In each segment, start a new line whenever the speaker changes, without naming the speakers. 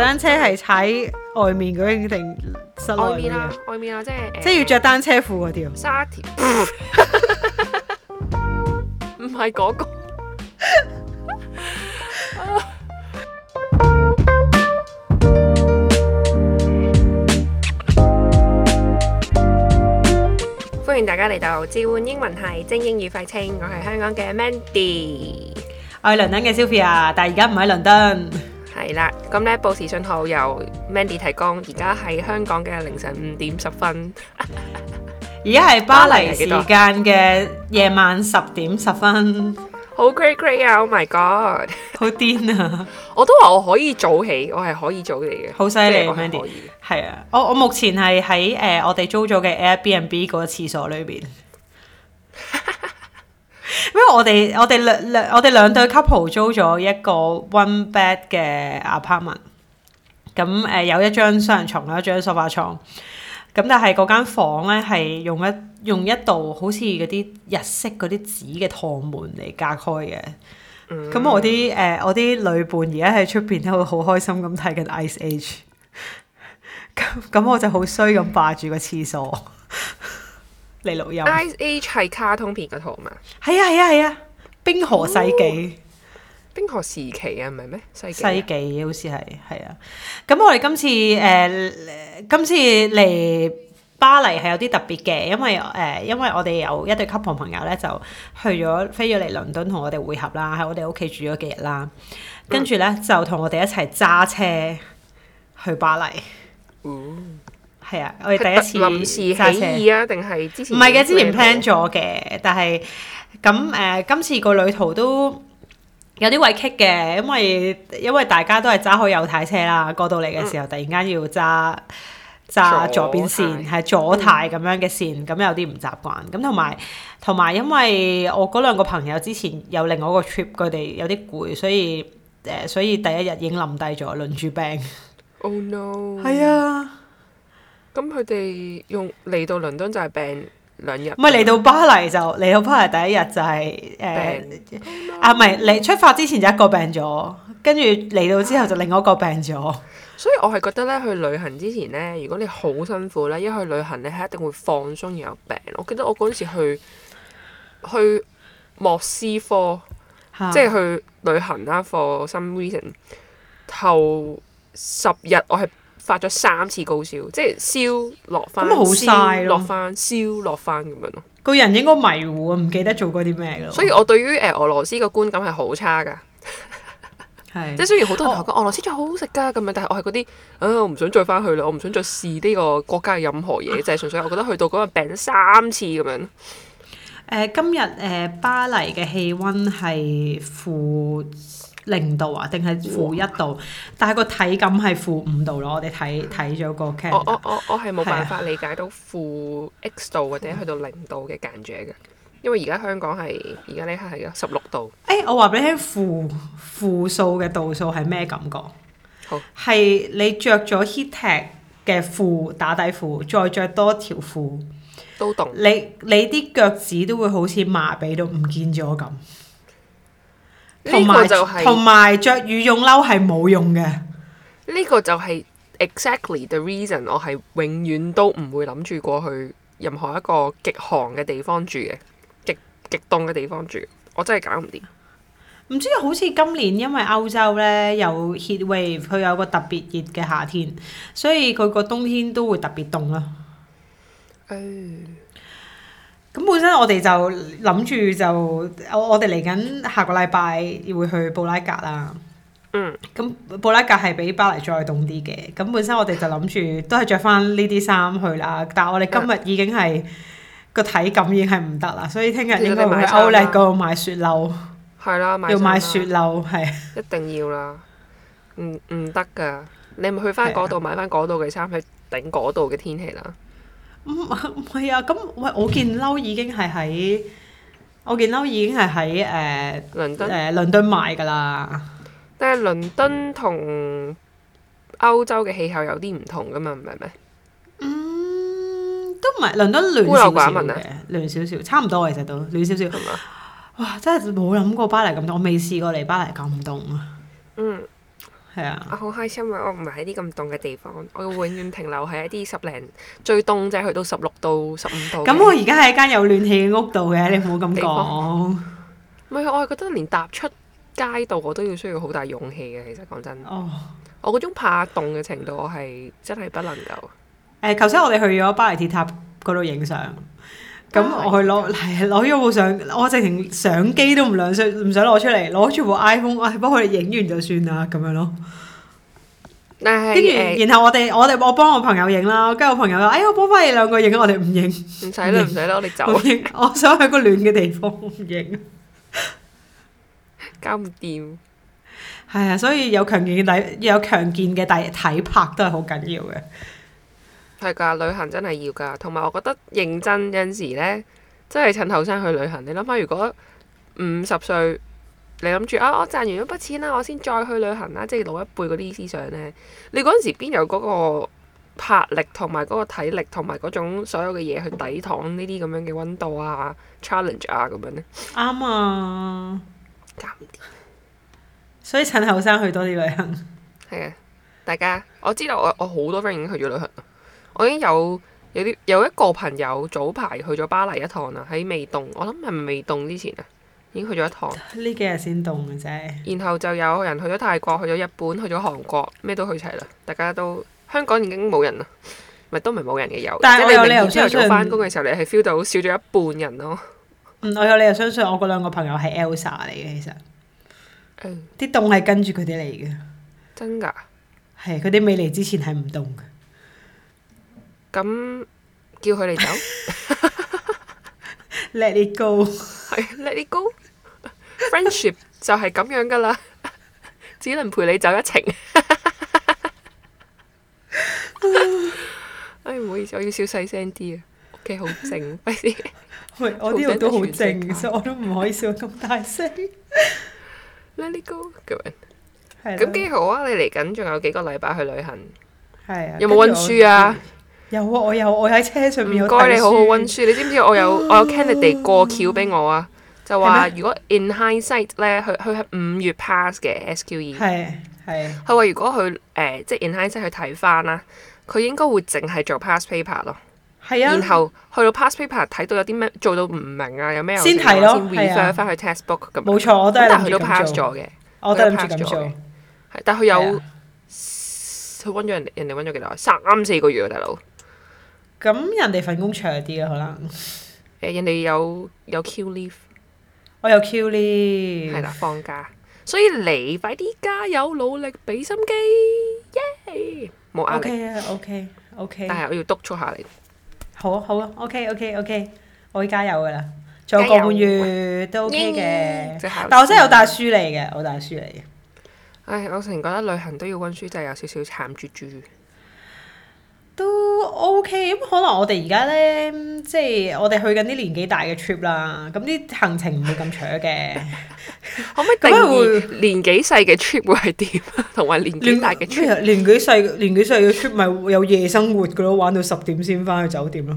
單車係
踩外面嗰啲定室內？外面啦，外面啦，即係即係要着單車褲嗰條。沙條
唔係嗰個。歡迎大家嚟到，召喚英文係精英與廢青，我係香港嘅 Mandy，我係倫敦嘅
Sophia，但係而家唔喺倫敦。
係啦，咁咧報時信號由 Mandy 提供。而家係香港嘅凌晨五點十分，而家係巴黎時間嘅夜晚十點十分。嗯、好 great great 啊！Oh my god，好癲啊！ 我都話我可以早起，我係可以早起嘅。好犀利，Mandy 係
啊！我我，我目前係喺誒我哋租咗嘅 Airbnb 嗰個廁所裏邊。 因為我哋我哋兩兩我哋兩對 couple 租咗一個 one bed 嘅 apartment，咁、嗯、誒、呃、有一張雙人床，有一張梳化床。咁、嗯、但係嗰間房咧係用一用一道好似嗰啲日式嗰啲紙嘅趟門嚟隔開嘅，咁、嗯嗯、我啲誒、呃、我啲女伴而家喺出邊都會好開心咁睇緊 ice age，咁咁我就好衰咁霸住個廁所。 嗯嗯嚟錄音。
I H 係卡通片個圖嘛？
係啊係啊係啊！冰河世紀、
哦、冰河時期啊，唔係咩世世
紀？好似係係啊。咁、啊、我哋今次誒、呃，今次嚟巴黎係有啲特別嘅，因為誒、呃，因為我哋有一對 couple 朋友咧，就去咗飛咗嚟倫敦同我哋會合啦，喺我哋屋企住咗幾日啦，跟住咧就同我哋一齊揸車去巴黎。
嗯
係啊，我哋第一次揸車。臨時起意啊？
定係之前？唔係嘅，之前 plan 咗
嘅，但係咁誒，今次個旅途都有啲畏怯嘅，因為因為大家都係揸開右軚車啦，過到嚟嘅時候，突然間要揸
揸左邊
線，係左軚咁樣嘅線，咁有啲唔習慣。咁同埋同埋，因為我嗰兩個朋友之前有另外一個 trip，佢哋有啲攰，所以誒，所以第一日已經冧低咗，輪住病。
Oh no！係啊。咁佢哋用嚟到倫敦就係病兩日，唔係嚟到巴
黎就嚟到巴黎第一日就係、
是、
誒、呃、病啊！唔係你出發之前就一個病咗，跟住嚟到之後就另外一個病咗。
所以我係覺得咧，去旅行之前咧，如果你好辛苦咧，一去旅行你係一定會放鬆然後有病。我記得我嗰陣時去去莫斯科，即係 Huh. 去旅行啦，for some reason 頭十日我係。發咗三次高燒，即係燒落翻，燒落翻，燒落翻咁樣咯。個
人應該迷糊啊，唔記得做過啲咩所以我
對於誒俄羅斯個觀感係好差㗎，係 是即係雖然好多同學、啊、俄羅斯最好好食㗎咁樣，但係我係嗰啲啊，我唔想再翻去啦，我唔想再試呢個國家嘅任何嘢，啊、就係純粹我覺得去到嗰日病咗三次咁樣。
誒、呃，今日誒、呃、巴黎嘅氣温係負。零度啊，定係負一度，哇 但係個體感係負五度咯。我哋睇睇咗個劇。我我我我係冇辦法
理解到負 X 度或者去到零度嘅間距嘅，嗯、因為而家香港係而家呢刻係十六度。
誒、欸，我話俾你聽，負負數嘅度數係咩感覺？係好你着咗 HEATTECH 嘅褲、打底褲，再着多條褲，都凍動。你你啲腳趾都會好似麻痹到唔見咗咁。
同埋同埋著
羽絨褸係冇用嘅。
呢個就係、是、exactly the reason 我係永遠都唔會諗住過去任何一個極寒嘅地方住嘅，極極凍嘅地方住，我真係搞唔掂。唔知道好似今
年因為歐洲呢有 heat wave，佢有個特別熱嘅夏天，所以佢個冬天都會特別凍咯。Uh 咁本身我哋就諗住就我我哋嚟緊下個禮拜會去布拉格啦。嗯。咁布拉格係比巴黎再凍啲嘅。咁本身我哋就諗住都係著翻呢啲衫去啦。但係我哋今日已經係個體感已經係唔得啦，所以聽日應該會去歐力嗰度買雪褸。
係啦，要買雪褸係。一定要啦。唔唔得㗎，你咪去翻嗰度買翻嗰度嘅衫去頂嗰度嘅天氣啦。
唔係、嗯、啊，咁喂，我件褸已經係
喺我件褸已經係喺誒誒倫敦買㗎啦，但係、呃、倫敦同歐洲嘅氣候有啲唔同㗎嘛，唔係咩？嗯，
都唔係倫敦暖少少嘅，暖少少，差唔多其實都暖少少。係咪？哇，真係冇諗過巴黎咁凍，我未試過嚟巴黎咁凍啊！嗯。係啊！我
好、哦、開心啊！我唔係喺啲咁凍嘅地方，我要永遠停留喺一啲十零最凍，就係去到十六到十五度。咁我而家喺間有暖
氣嘅屋度嘅，你唔好咁講。
唔係，我係覺得連踏出街道，我都要需要好大勇氣嘅。其實講真，oh。我嗰種怕凍嘅程度，我係真係不能夠。
誒、欸，頭先我哋去咗巴黎鐵塔嗰度影相。咁我去攞攞咗部相，我直情相機都唔兩想唔使攞出嚟，攞住部 iPhone，我、哎、幫佢哋影完就算啦咁樣咯。
跟住，然後我哋我
哋我幫我朋友影啦，跟住我朋友話，哎，我幫翻你兩個影，我哋唔影。唔使
啦，唔使啦，
我哋走。 我想去個暖嘅地方影。
搞唔掂。
係 啊、哎，所以有強健嘅體，有強健嘅大體魄都係好緊要嘅。
係㗎，旅行真係要㗎。同埋我覺得認真有陣時呢，真係趁後生去旅行。你諗返，如果五十歲，你諗住啊，我賺完咗筆錢啦，我先再去旅行啦。即係老一輩嗰啲思想呢。你嗰陣時邊有嗰個魄力同埋嗰個體力同埋嗰種所有嘅嘢去抵擋呢啲咁樣嘅温度啊、challenge 啊咁樣
呢？啱啊，所以趁後生去多啲旅行。
係啊，大家我知道我我好多 friend 已經去咗旅行。我已經有有啲有一個朋友早排去咗巴黎一趟啦，啊，喺未凍，我諗係未凍之前啊，已經去咗一趟。呢幾
日先凍嘅啫。
然後就有人去咗泰國，去咗日本，去咗韓國，咩都去齊啦。大家都香港已經冇人啦，咪都唔係冇人嘅有，但係我有理由相信翻工嘅時候，你係 feel 到少咗一半人咯，
啊。我有理由相信我嗰兩個朋友係 Elsa 嚟嘅，其實。啲凍係跟住佢哋嚟嘅。
真㗎
的。係佢哋未嚟之前係唔凍
咁叫佢哋走，Let it go，係 Let it go，friendship 就係咁樣噶啦，只能陪你走一程。哎，唔好意思，我要笑細聲啲啊。屋企好靜，快啲。喂，我呢度都好靜，
所以我都唔可以笑咁大聲。Let it go，
咁幾好啊！你嚟緊仲有幾個禮拜去旅行？
係啊，有冇溫書啊？有啊！我有我喺車上面。唔該，你好好溫書。你知唔知我有我有 candidate 過橋
俾我啊？就話如果 in hindsight 咧，佢佢五月 pass 嘅 SQE，係係。佢話如果佢誒即係 in hindsight 去睇翻啦，佢應該會淨係做 pass paper 咯。係啊。然後去到 pass paper 睇到有啲咩做到唔明啊，有咩先睇咯，先 refer 翻去 textbook 咁。冇錯，但佢都 pass 咗嘅，我都 pass 咗嘅。係，但佢有佢溫咗人哋，人哋溫咗幾耐？三四個月啊，大佬。
咁人哋份工長啲啊，可能誒人哋有
有 Q leave，我有 Q leave，係啦放假，所以你快啲加油努力，俾心機，耶！冇壓力，OK 啊 OK OK，, okay. 但係我要督促下你好，啊，好啊好啊 OK OK OK，我會加油噶啦，仲有個半月都 OK 嘅，喵但我真係有帶書嚟嘅，嗯，我帶書嚟嘅，唉我成日覺得旅行都要温書，就係、是、有少少慘豬豬。
都 OK 咁，可能我哋而家咧，即係我哋去緊啲年紀大嘅 trip 啦，咁啲行程唔會咁攰嘅。 可唔可以定義年幾
細嘅 trip 會係點？同 埋
年紀大嘅 trip。年幾細，年幾細嘅 trip 咪有夜生活嘅咯，玩到十點先翻去酒店咯。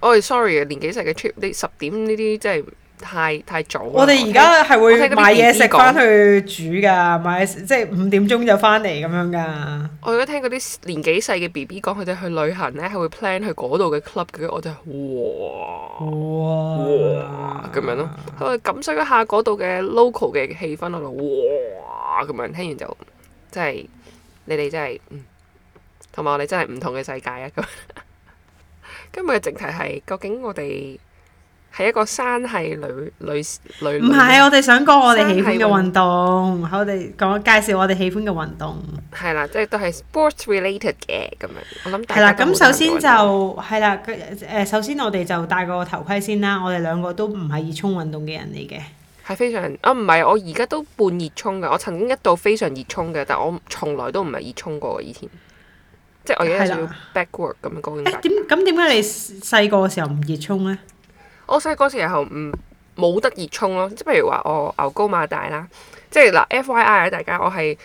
我係、oh, sorry 嘅，年幾細嘅 trip 呢？十點呢啲即係。太太早。我哋而家係會買嘢食翻去
煮㗎，
買即係五點鐘就翻嚟咁樣㗎。我而家聽嗰啲年紀細嘅 B B 講，佢哋去旅行咧係會 plan 去嗰度嘅 club 嘅，我就哇哇咁樣咯。佢話感受一下嗰度嘅 local 嘅氣氛咯，哇咁樣。聽完就真係你哋真係，嗯、真同埋我哋真係唔同嘅世界啊！今日嘅正題係究竟我哋。係一個山系女女女。唔係，我哋想講我哋喜歡嘅運
動，運我哋講介紹我哋喜歡嘅運動。
係啦，即係都係 sports related 嘅咁樣。我諗係啦。咁首先就係啦，誒、
呃、首先我哋就戴個頭盔先啦。我哋兩個都唔係熱衷運動嘅人嚟嘅。
係非常啊，唔係我而家都半熱衷嘅。我曾經一度非常熱衷嘅，但我從來都唔係熱衷過以前。即係我而家要的 backward 咁樣講。誒
點咁點解你細個嘅時候唔熱衷咧？
我細個時候唔冇得熱衷咯，即係譬如話我牛高馬大啦，即係嗱 F.Y.I. 啊，大家，我係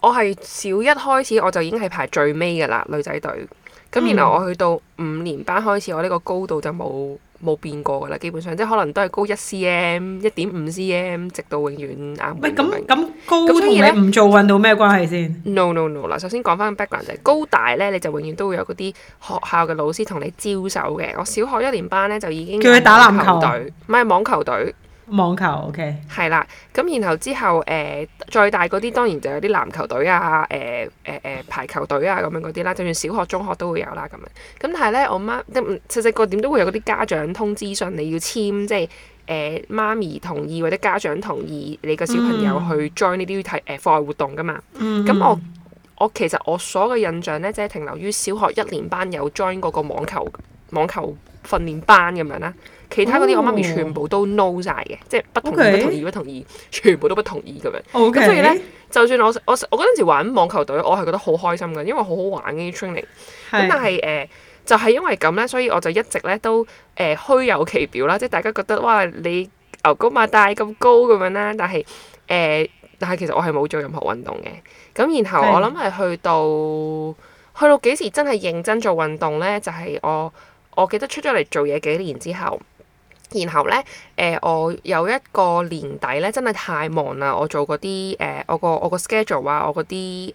我係小一開始我就已經係排最尾㗎喇，女仔隊，咁然後我去到五年班開始我呢個高度就冇。冇變過㗎啦，基本上即係可能都係高一 cm、一點五 cm，直到永遠啱。喂，咁咁高同你唔
做運動咩關係先
？No no no！嗱，首先講翻 background 就係高大咧，你就永遠都會有嗰啲學校嘅老師同你招手嘅。我小學一年班咧就已經叫你打籃球隊，唔係網球隊。
網球 OK，
係、嗯、啦。咁然後之後誒再、啊、大嗰啲當然就有啲籃球隊啊，誒誒誒排球隊啊咁樣嗰啲啦。就算小學、中學都會有啦咁樣。咁但係咧，我媽即細細個點都會有嗰啲家長通知信，你要簽即係誒、啊、媽咪同意或者家長同意你個小朋友去 join 呢啲體誒課外活動㗎嘛。咁、嗯、我我其實我所嘅印象咧，即係停留於小學一年班有 join 嗰個網球網球訓練班咁樣啦。其他嗰啲我媽咪全部都 know 曬嘅，Okay? 即係不同意不同意不同意，全部都不同意咁樣。咁 Okay? 所以咧，就算我我我嗰陣時玩網球隊，我係覺得好開心嘅，因為好好玩啲 training。咁但係誒是、呃，就係、是、因為咁咧，所以我就一直咧都誒、呃、虛有其表啦，即係大家覺得哇，你牛高馬大咁高咁樣啦，但係誒、呃，但係其實我係冇做任何運動嘅。咁然後我諗係去到是去到幾時真係認真做運動咧，就係、是、我我記得出咗嚟做嘢幾年之後。然後呢，誒、呃、我有一個年底呢，真係太忙啦！我做嗰啲誒，我個我個 schedule 啊，我嗰啲誒，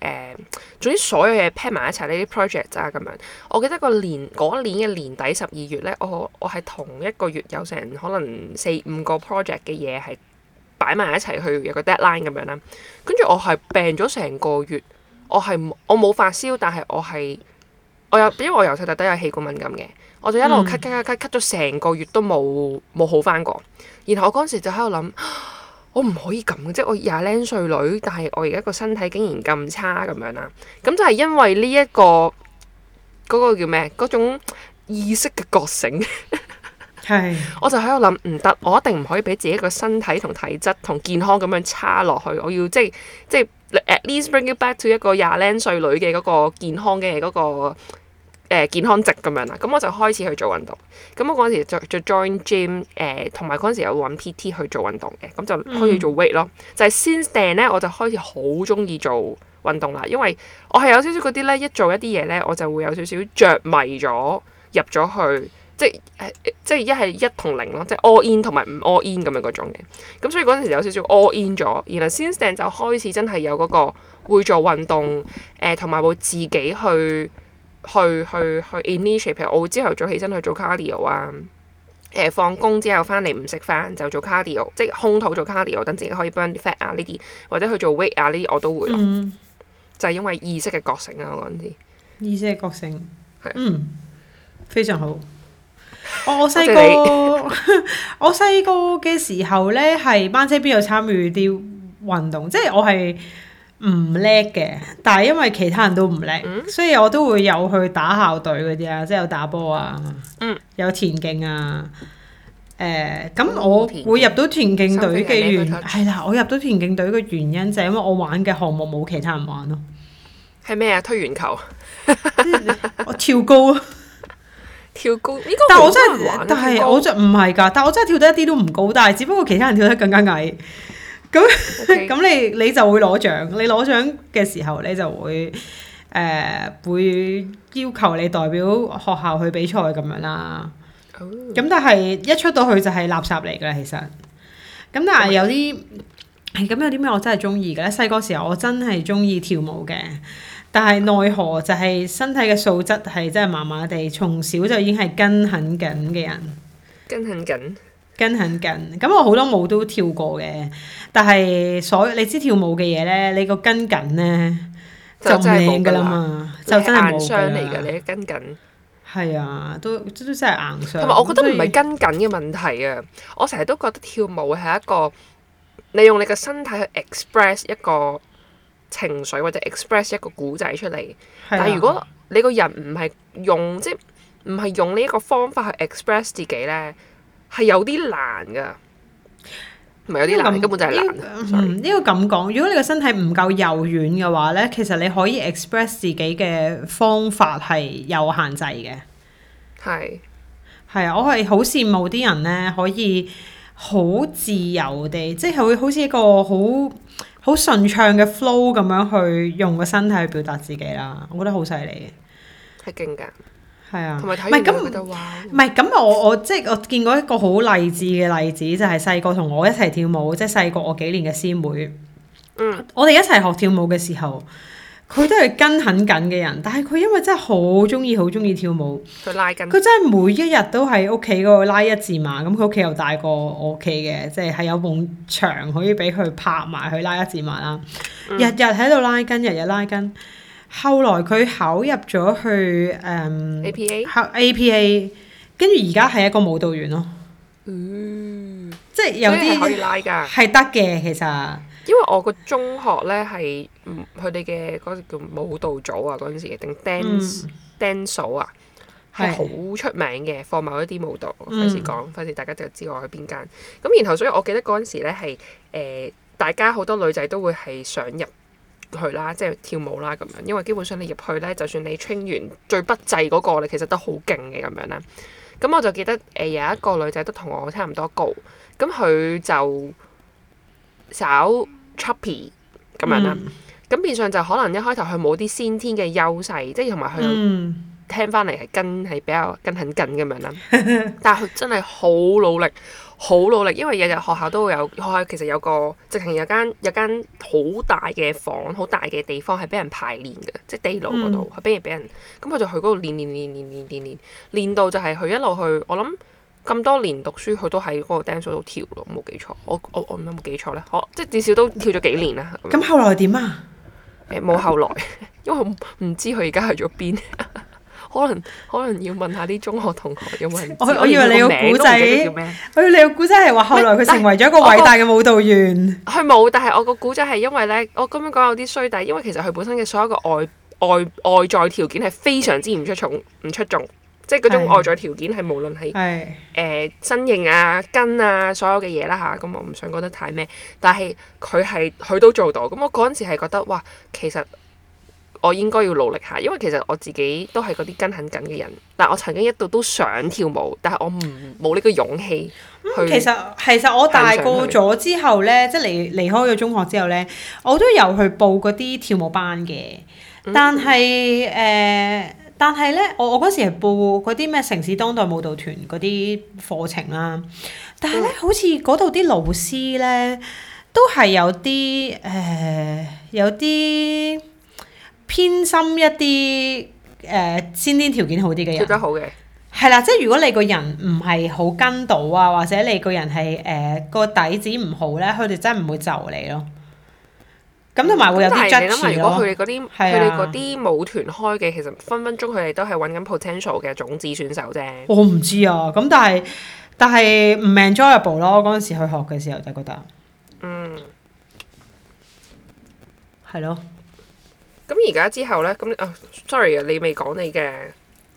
總之所有嘢 pack 埋一齊呢啲 project 啊，咁樣。我記得個年嗰年嘅年底十二月呢，我我係同一個月有成可能四五個 project 嘅嘢係擺埋一齊去有個 deadline 咁樣啦。跟住我係病咗成個月，我係我冇發燒，但係我係。我又，因為我由細到大有氣管敏感嘅，我就一路咳咳咳咳，咳咗成個月都冇冇好翻過。然後我嗰時就喺度諗，我唔可以咁，即係我廿零歲女，但係我而家個身體竟然咁差咁樣啦。咁就係因為呢、這、一個嗰、那個叫咩？嗰種意識嘅覺醒。係 是。我就喺度諗唔得，我一定唔可以俾自己個身體同體質同健康咁樣差落去。我要即係即係 at least bring you back to 一個廿零歲女嘅嗰個健康嘅嗰、那個誒健康值咁樣啦，咁我就開始去做運動。咁我嗰陣時就就 join gym，誒同埋嗰陣時有揾 PT 去做運動嘅，咁就開始做 weight 咯。嗯、就先 since then 咧，我就開始好中意做運動啦，因為我係有少少嗰啲咧，一做一啲嘢咧，我就會有少少着迷咗入咗去，即係即係一係一同零咯，即係 all in 同埋唔 all in 咁樣嗰種嘅。咁所以嗰陣時有少少 all in 咗，然先 s i n c then 就開始真係有嗰、那個會做運動，誒同埋會自己去。去去去 initiate，譬如我朝頭早起身去做 cardio 啊、呃，誒放工之後翻嚟唔食飯就做 cardio，即係空肚做 cardio，等自己可以 burn fat 啊呢啲，或者去做 weight 啊呢啲，我都會咯。嗯、就係因為意識嘅覺醒啊，我嗰陣時意識嘅覺
醒係是嗯非常好。
哦、我細個
我細個嘅時候呢，係班車邊度參與啲運動，即係我係。唔叻嘅，但係因為其他人都唔叻，嗯、所以我都會有去打校隊嗰啲啊，即係、嗯、有打波啊，有田徑啊。誒、嗯，咁我會入到田徑隊嘅原係啦，我入到田徑隊嘅原因就係因為我玩嘅項目冇其他人玩咯。
係咩啊？推鉛球？
我跳高啊！
跳高應該，但係
我，我真係，但係我就唔係㗎，但係我真係跳得一啲都唔高，但係只不過其他人跳得更加矮。咁咁那 Okay. 你你就會攞獎，你攞獎嘅時候你就會誒、呃、會要求你代表學校去比賽咁樣啦。咁、oh. 但係一出到去就係垃圾嚟㗎喇，其實。咁但係，oh. 有啲係咁，有啲咩我真係鍾意嘅咧。細個時候我真係鍾意跳舞嘅，但係奈何就係身體嘅素質係真係麻麻地，從小就已經係跟唔緊嘅人。
跟唔緊。
跟很緊，咁我好多舞都跳過嘅，但係所你知跳舞嘅嘢咧，你個跟緊咧
就唔靚噶啦嘛，就係硬傷嚟噶，你跟緊係啊，都都真係硬傷。同埋我覺得唔係跟緊嘅問題啊，以我成日都覺得跳舞係一個你用你嘅身體去 express 一個情緒或者 express 一個古仔出嚟。啊、但係如果你個人唔係用即係唔係用呢一個方法去 express 自己咧？係有啲難噶，
唔係有啲難，根本就係難。嗯，呢 Sorry 個咁講，如果你個身體唔夠柔軟嘅話咧，其實你可以 express 自己嘅方法係有限制嘅。係是。係啊，我係好羨慕啲人咧，可以好自由地，即係會好似一個好好順暢嘅 flow 咁樣去用個身體去表達自己啦。我覺得好犀利嘅，係勁噶。係啊，唔係咁，唔係咁，我我即係我見過一個好勵志嘅例子，就係細個同我一齊跳舞，即係細個我幾年嘅師妹。嗯，我哋一齊學跳舞嘅時候，佢都係跟很緊嘅人，但係佢因為真係好鍾意，好鍾意跳舞。佢拉筋，佢真係每一日都喺屋企嗰度拉一字馬。咁佢屋企又大過我屋企嘅，即係係有埲牆可以俾佢拍埋去拉一字馬啦。日日喺度拉筋，日日拉筋。後來佢考入咗去誒、嗯、APA 考 APA 跟住而家係一個舞蹈員咯。嗯，即係有啲可以拉㗎，係得嘅其實。
因為我個中學咧係佢哋嘅嗰陣叫舞蹈組啊，嗰陣時定、嗯、dance dance 組啊，係好出名嘅。放的某一啲舞蹈費事講，費事大家就知道我去邊間。咁、嗯、然後所以我記得嗰陣時咧係誒大家好多女仔都會係想入。去啦，即係跳舞啦咁樣，因為基本上你入去呢，就算你 train 完最不濟嗰、那個，你其實都好勁嘅咁樣啦，咁我就記得誒、呃，有一個女仔都同我差唔多高，咁佢就少 chubby 咁樣啦。咁變、嗯、相就可能一開頭佢冇啲先天嘅優勢，即係同埋佢聽翻嚟係跟係比較跟很緊咁樣啦。但係佢真係好努力。好努力，因為日日學校都會有，學校其實有個直情有間有間好大嘅房，好大嘅地方係俾人排練嘅，即係地牢嗰度係俾人俾人，咁佢就去嗰度練練練練練練練,練，練到就係佢一路去，我諗咁多年讀書佢都喺嗰個 dance 度跳咯，冇記錯，我我我唔知有冇記錯咧，我,我,我呢好即係至少都跳咗幾年啦。咁、嗯、後來點啊？誒冇、欸、後來，因為我唔知佢而家去咗邊。 可能可能要問下啲中學同學有冇？我我以為你個古仔，叫咩佢你個古仔係話後來佢成為咗一個偉大嘅舞蹈員。佢冇，但係我個古仔係因為咧，我咁樣講有啲衰底，因為其實佢本身嘅所有個外外外在條件係非常之唔出眾，唔出眾，即係嗰種外在條件係無論係誒身形啊、筋啊所有嘅嘢啦吓。咁、啊嗯、我唔想講得太咩，但係佢係佢都做到。咁、嗯、我嗰陣時係覺得哇，其實。我應該要努力下，因為其實我自己都係嗰啲跟很緊嘅人。但我曾經一度都想跳舞，但係我唔冇呢個勇氣、嗯、其實
其實我大個咗之後咧，即係離離開咗中學之後咧，我都有去報嗰啲跳舞班嘅。但係誒、嗯呃，但係咧，我我嗰時係報嗰啲咩城市當代舞蹈團嗰啲課程啦、啊。但係咧，嗯、好似嗰度啲老師咧，都係有啲誒、呃，有啲，偏心一啲誒、呃、先天條件好啲嘅人，做得好嘅係啦，即係如果你個人唔係好跟到啊，或者你個人係誒、呃、個底子唔好咧，佢哋真係唔會就你咯。咁同埋會有啲捽刺咯。你
諗下，如果佢哋嗰啲佢哋啲舞團開嘅，其實分分鐘佢哋都係揾緊 potential 嘅種子選手啫。我唔知
啊，咁但係但係唔 enjoyable 咯。嗰陣時去學嘅時候就覺得，嗯，係咯。
咁而家之後咧，咁啊，sorry 啊，sorry，你未講你嘅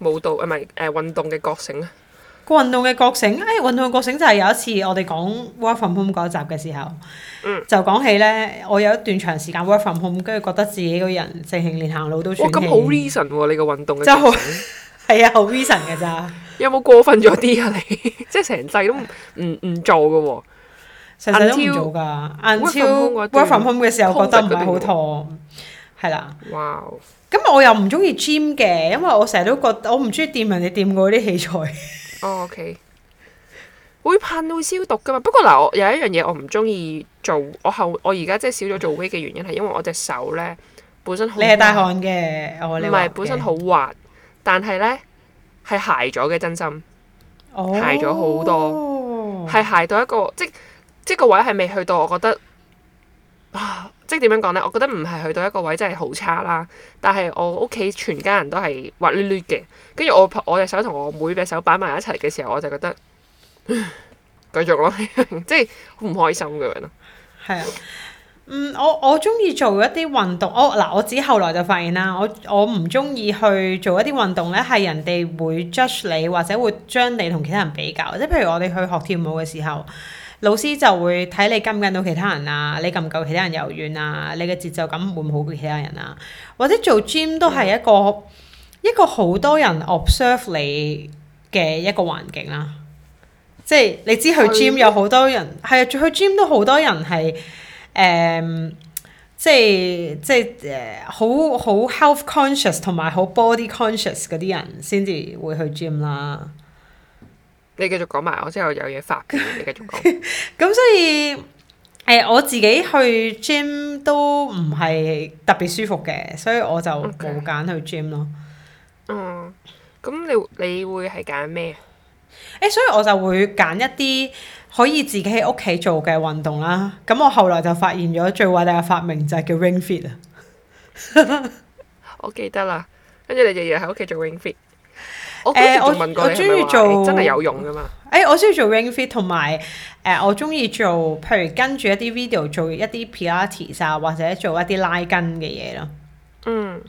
舞蹈啊，唔係誒運動嘅覺醒啊，
個運動嘅覺醒，誒運動嘅覺、哎、覺醒就係有一次我哋講 work from home 嗰一集嘅時候，嗯、就講起咧，我有一段長時間 work from home，跟住覺得自己個人成日連行路都，我咁好
reason 喎，你個運動嘅係好，係啊，好 reason 嘅咋，有冇過分咗啲啊？你即係成世都唔唔做嘅喎、啊，成世都唔做噶
，until work from home 嘅時候 COVID 覺得唔係好痛。係啦，咁 Wow. 我又唔中意 gym 嘅，因為我成日都覺
我唔中意掂人哋掂過嗰啲器材。哦 O K，會噴會消毒㗎嘛？不過嗱，我有一樣嘢我唔中意做，我後我而家即係少咗做 gym 嘅原因係因為我隻手咧本身好你係大汗嘅，唔、哦、係本身好滑，但係咧係鞋咗嘅真心，鞋咗好多，係鞋到一個即即個位係未去到，我覺得啊。即係點樣講呢？我覺得唔係去到一個位真係好差啦，但係我屋企全家人都係滑捋捋嘅，跟住我我隻手同我妹隻手擺埋一齊嘅時候，我就覺得繼續咯， 即係好唔開心咁樣咯。係啊，嗯、我我中意做
一啲運動。我、哦、嗱、啊，我自己後來就發現啦，我我唔中意去做一啲運動呢，係人哋會 judge 你或者會將你同其他人比較，即譬如我哋去學跳舞嘅時候。老師就會睇你跟唔跟到其他人啊，你夠唔夠其他人柔軟啊，你嘅節奏感會唔好過其他人啊，或者做 gym 都係一個、嗯、一個好多人 observe 你嘅一個環境啦、啊，即係你知去 gym 有好多人，係啊的，去 gym 都好多人係誒、呃，即係即係誒、呃、好好 health conscious 同埋好 body conscious 嗰啲人先至會去 gym 啦。你繼續講埋，我之後有嘢發嘅。你繼續講。咁 所以，誒、欸、我自己去 gym 都唔係特別舒服嘅，所以我就冇揀去 gym 咯。Okay. 嗯，
咁你你會係揀咩？
誒、欸，所以我就會揀一啲可以自己喺屋企做嘅運動啦。咁我後來就發現咗最偉大嘅發明就係叫 Ring Fit 啊！
我記得啦，跟住你日日喺屋企做 Ring Fit。我我中意做真係有用噶嘛？誒、嗯，我中意做，欸、做 ring fit 同埋
誒，我中意做，譬如跟住一啲 video 做一啲 pilates 啊，或者做一啲拉筋嘅嘢咯。嗯，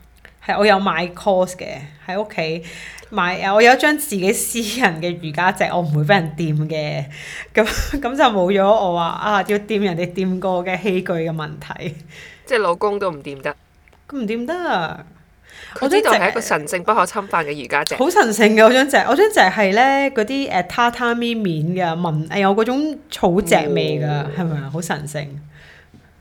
係我有買 course 嘅，喺屋企買誒，我有一張自己私人嘅瑜伽席，我唔會俾人掂嘅。咁咁就冇咗我話啊，要掂人哋掂過嘅器具嘅問題。
即老公都唔掂得，唔掂得。啊？我呢度係一個神聖不可侵犯嘅瑜伽席。好神
聖嘅嗰張隻，嗰張隻係咧嗰啲誒榻榻米面嘅紋，誒、呃、有嗰種草席味㗎，係咪啊？好神聖！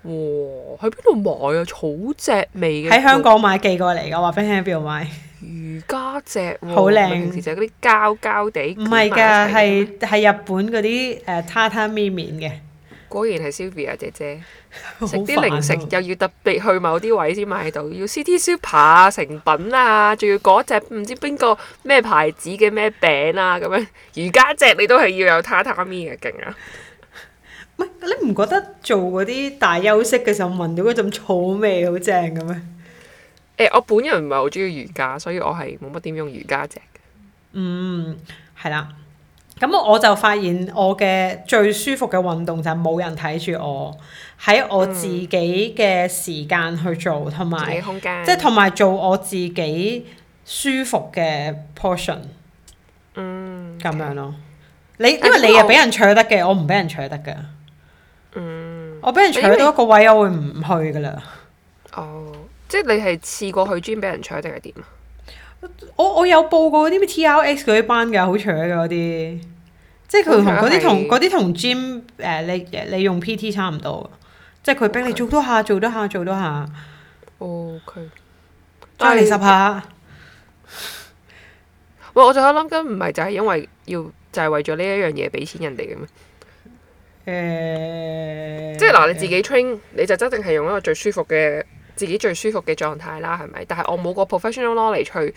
喺邊度買啊？
草席味喺香港買寄過嚟㗎，話俾你聽喺邊度買？瑜
伽席，好靚，其實嗰啲膠膠地，唔係㗎，係
係日本嗰啲誒榻
榻米面嘅。果然係 Sylvia 姐姐食啲零食又要特別去某啲位先買到，要 City Super、啊、成品啊，仲要嗰隻唔知邊個咩牌子嘅咩餅啊。咁樣瑜伽席你都係要有榻榻米嘅勁啊！
你唔覺得做嗰啲大休息嘅時候聞到嗰陣草味好正嘅咩？
誒，我本人唔係好中意瑜伽，所以我係冇乜點用瑜伽席
嘅。嗯，係啦。咁我就發現我嘅最舒服嘅運動就係冇人睇住我，喺我自己嘅時間去做，同埋即係同埋做我自己舒服嘅 portion。嗯，咁樣咯。你因為你係俾人搶得嘅，我唔俾人搶得㗎。嗯，
我俾人搶到一
個位，我會唔去㗎啦。哦，即
係你係試過去 join 俾人搶定係點啊？我我有報
過嗰啲咩 T R X 嗰啲班㗎，好搶嘅嗰啲，即係佢同嗰啲同嗰啲同 gym 誒，你你用 P T 差唔多，即係佢逼你做多，下，Okay. 做多下，做多下，
做多 Okay. 下。O K，再嚟十下。喂， 我就喺度諗緊，唔係就係因為要就係為咗呢一樣嘢俾錢人哋嘅咩？誒、欸，即係嗱，呃、okay. 你自己 train 你就一定係用一個最舒服嘅。自己最舒服嘅狀態啦，係咪？但係我冇個 professional knowledge 去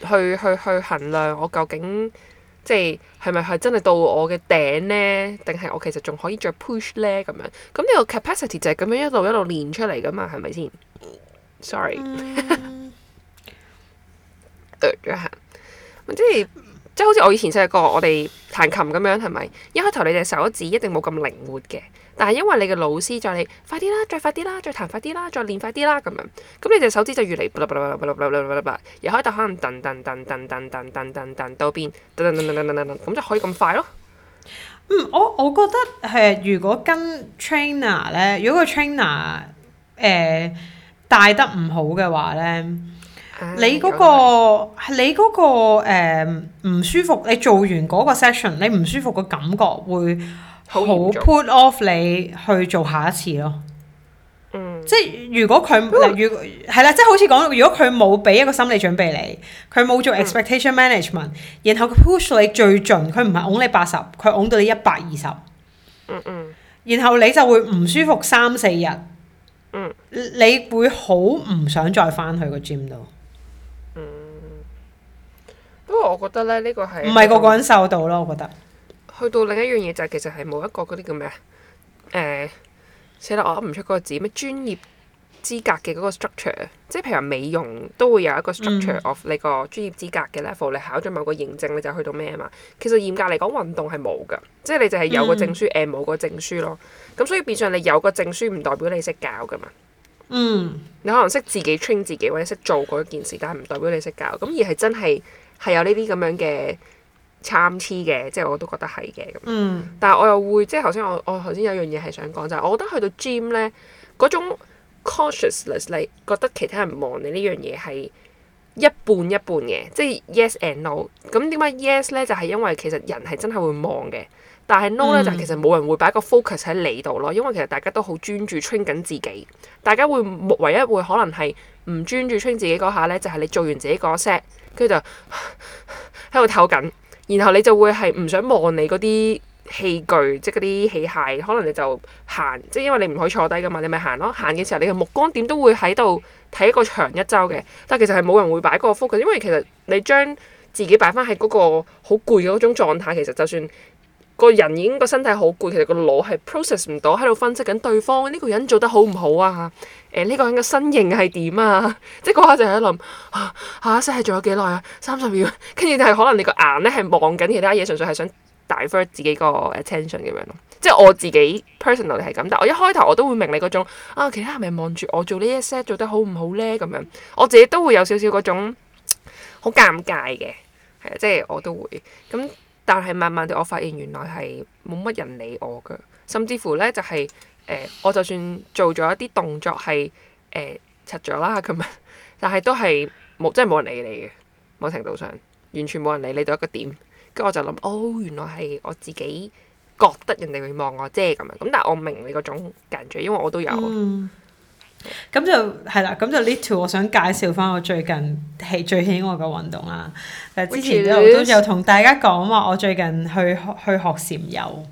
去去去衡量我究竟即係係咪係真係到我嘅頂呢？定係我其實仲可以再 push 呢？咁樣？咁呢個 capacity 就係咁樣一路一路練出嚟㗎嘛，係咪先？Sorry，剁咗下，即係即係好似我以前細個我哋彈琴咁樣，係咪一開頭你隻手指一定冇咁靈活嘅？但係因為你嘅老師在你，快啲啦，再快啲啦，再彈快啲啦，再練快啲啦，咁樣，咁你隻手指就越嚟，巴拉巴拉又可以到可能噔噔噔噔噔噔噔噔到邊，噔噔噔噔噔噔噔，咁就可以咁快咯。嗯，我我覺
得係如果跟 trainer 咧，如果個 trainer 誒、呃、帶得唔好嘅話咧，嗯、你嗰、那個你嗰、那個唔、呃、舒服，你做完嗰個 session，你唔舒服個感覺會。會好 put off 你去做下一次咯，嗯、即係如果佢例如係啦，即係好似講，如果佢冇俾一個心理準備你，佢冇做 expectation management，嗯，然後佢 push 你最盡，佢唔係掹你八十、嗯，佢掹到你一百二十，然後你就會唔舒服三四日，嗯、你會好唔想再翻去個 gym 度，
不過、嗯、我覺得咧呢個係唔係個個人受到咯，我覺得。去到另一樣嘢就係，其實係冇一個嗰啲叫咩，誒，死啦，我諗唔出嗰個字，咩專業資格嘅嗰個 structure，即係譬如美容都會有一個 structure of 你個專業資格嘅 level，你考咗某個認證你就去到咩啊嘛。其實嚴格嚟講運動係冇㗎，即係你就係有個證書誒，冇、mm. 個證書咯。咁所以變相你有個證書唔代表你識教㗎嘛。Mm. 嗯，你可能識自己 train 自己或者識做嗰一件事，但係唔代表你識教。咁而係真係係有呢啲咁樣嘅。參差嘅，即係我都覺得係嘅咁。但係我又會即係頭先，我我頭先有樣嘢係想講就係、是，我覺得去到 gym 咧嗰種 consciousness，你覺得其他人望你呢樣嘢係一半一半嘅，即係 yes and no。咁點解 yes 咧？就係、是、因為其實人係真係會望嘅，但係 no 咧、嗯、就其實冇人會擺個 focus 喺你度咯，因為其實大家都好專注 train 緊自己。大家會唯一會可能係唔專注 train 自己嗰下咧，就係、是、你做完自己個 set，跟住就喺度透緊。然後你就會係唔想望你嗰啲器具，即係嗰啲器械，可能你就行，即係因為你唔可以坐低噶嘛，你咪行咯。行嘅時候，你嘅目光點都會喺度睇一個長一周嘅，但係其實係冇人會擺嗰個 focus，因為其實你將自己擺翻喺嗰個好攰嘅嗰種狀態，其實就算個人已經個身體好攰，其實個腦係 process 唔到喺度分析緊對方呢個人做得好唔好啊。誒呢、欸呢個人嘅身形係點啊？ 即係嗰下就係一諗嚇嚇 set 係仲有幾耐啊？三十、啊、秒，跟 住就係可能你個眼咧係望緊其他嘢，純粹係想 divert 自己個 attention 咁樣咯。即係我自己 personally 係咁，但我一開頭我都會明你嗰種啊，其他人係咪望住我做呢一 set 做得好唔好咧咁樣，我自己都會有少少嗰種好尷尬嘅，係啊，即係我都會咁。但係慢慢地，我發現原來係冇乜人理我嘅，甚至乎咧就係、是。誒、呃、我就算做咗一啲動作係誒擦咗啦，咁但係都係冇，即係冇人理你嘅，某程度上，完全冇人理你到一個點。跟住我就諗，哦原來係我自己覺得人哋會望我，即係咁樣。咁但係我明你嗰種 gentle 因為我都有。咁、嗯、就
係啦，咁就呢 lead to 我想介紹翻我最近係最喜愛嘅運動啦。之前都有同大家講話，我最近去去學禪柔。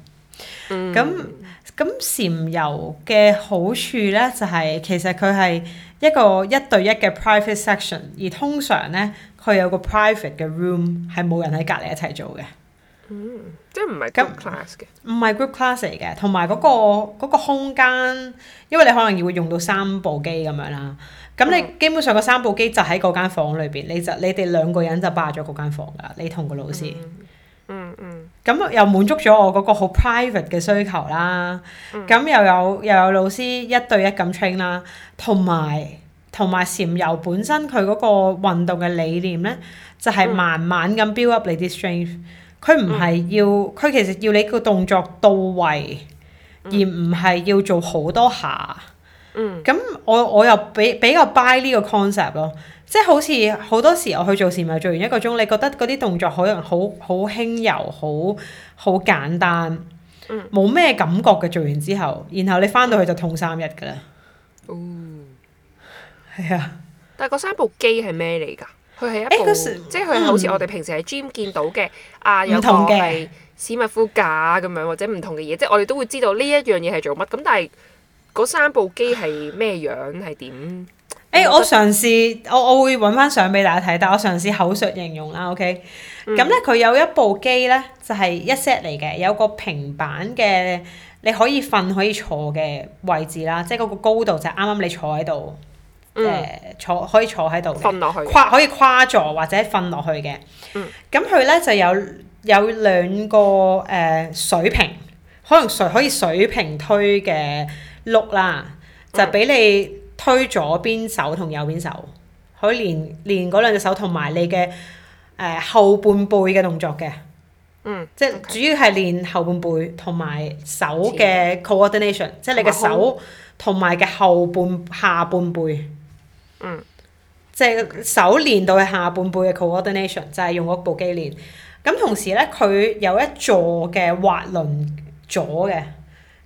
咁、嗯。咁禪游嘅好處咧，就係、是、其實佢係一個一對一嘅 private section，而通常咧佢有個 private 嘅 room，係冇人喺隔離一齊做嘅、嗯。即係唔係 group class 嘅？唔係 group class 嚟嘅，同埋嗰個嗰個空間，因為你可能要會用到三部機咁樣啦。咁你基本上個三部機就喺嗰間房裏邊，你就你哋兩個人就霸咗嗰間房㗎，你同個老師。嗯嗯嗯，咁、嗯、又滿足咗我嗰個好 private 嘅需求啦。咁、嗯、又有又有老師一對一咁 train 啦，同埋同埋潛游本身佢嗰個運動嘅理念咧，就係、是、慢慢咁 build up 你啲 strength。佢唔係要佢，其實要你個動作到位，而唔係要做好多下。嗯，咁、嗯、我我又比比較 buy 呢個 concept 咯。即係好似好多時候我去做視麥，做完一個鐘，你覺得嗰啲動作可能好好輕柔，好好簡單，冇咩感覺嘅。做完之後，然後你翻到去就痛三日㗎啦。哦，
係啊。但係嗰三部機係咩嚟㗎？佢係一部，即係佢好似我哋平時喺 gym 見到嘅，嗯、啊有個係史密夫架咁樣，或者唔同嘅嘢。嗯、即係我哋都會知道呢一樣嘢係做乜。咁但係嗰三部機係咩樣？係點、嗯？
誒、欸，我嘗試，我我會揾翻相俾大家睇，但我嘗試口述形容啦，OK。
咁咧，
佢有一部機咧，就係、是、一 set 嚟嘅，有個平板嘅，你可以瞓可以坐嘅位置啦，即係嗰個高度就係啱啱你坐喺度，誒、嗯呃、坐可以坐喺度瞓落去，跨可以跨坐或者瞓落去嘅。咁佢咧就有有兩個誒、呃、水平，可能水可以水平推嘅碌啦，就俾你。嗯推左邊手同右邊手，佢練練嗰兩隻手同埋你嘅誒、呃、後半背嘅動作嘅，嗯，即係 Okay. 主要係練後半背同埋手嘅 coordination，的即係你嘅手同埋嘅後半下半背，嗯，即係手練到去下半背嘅 coordination 就係用嗰部機練，咁、嗯、同時咧佢有一座嘅滑輪咗嘅。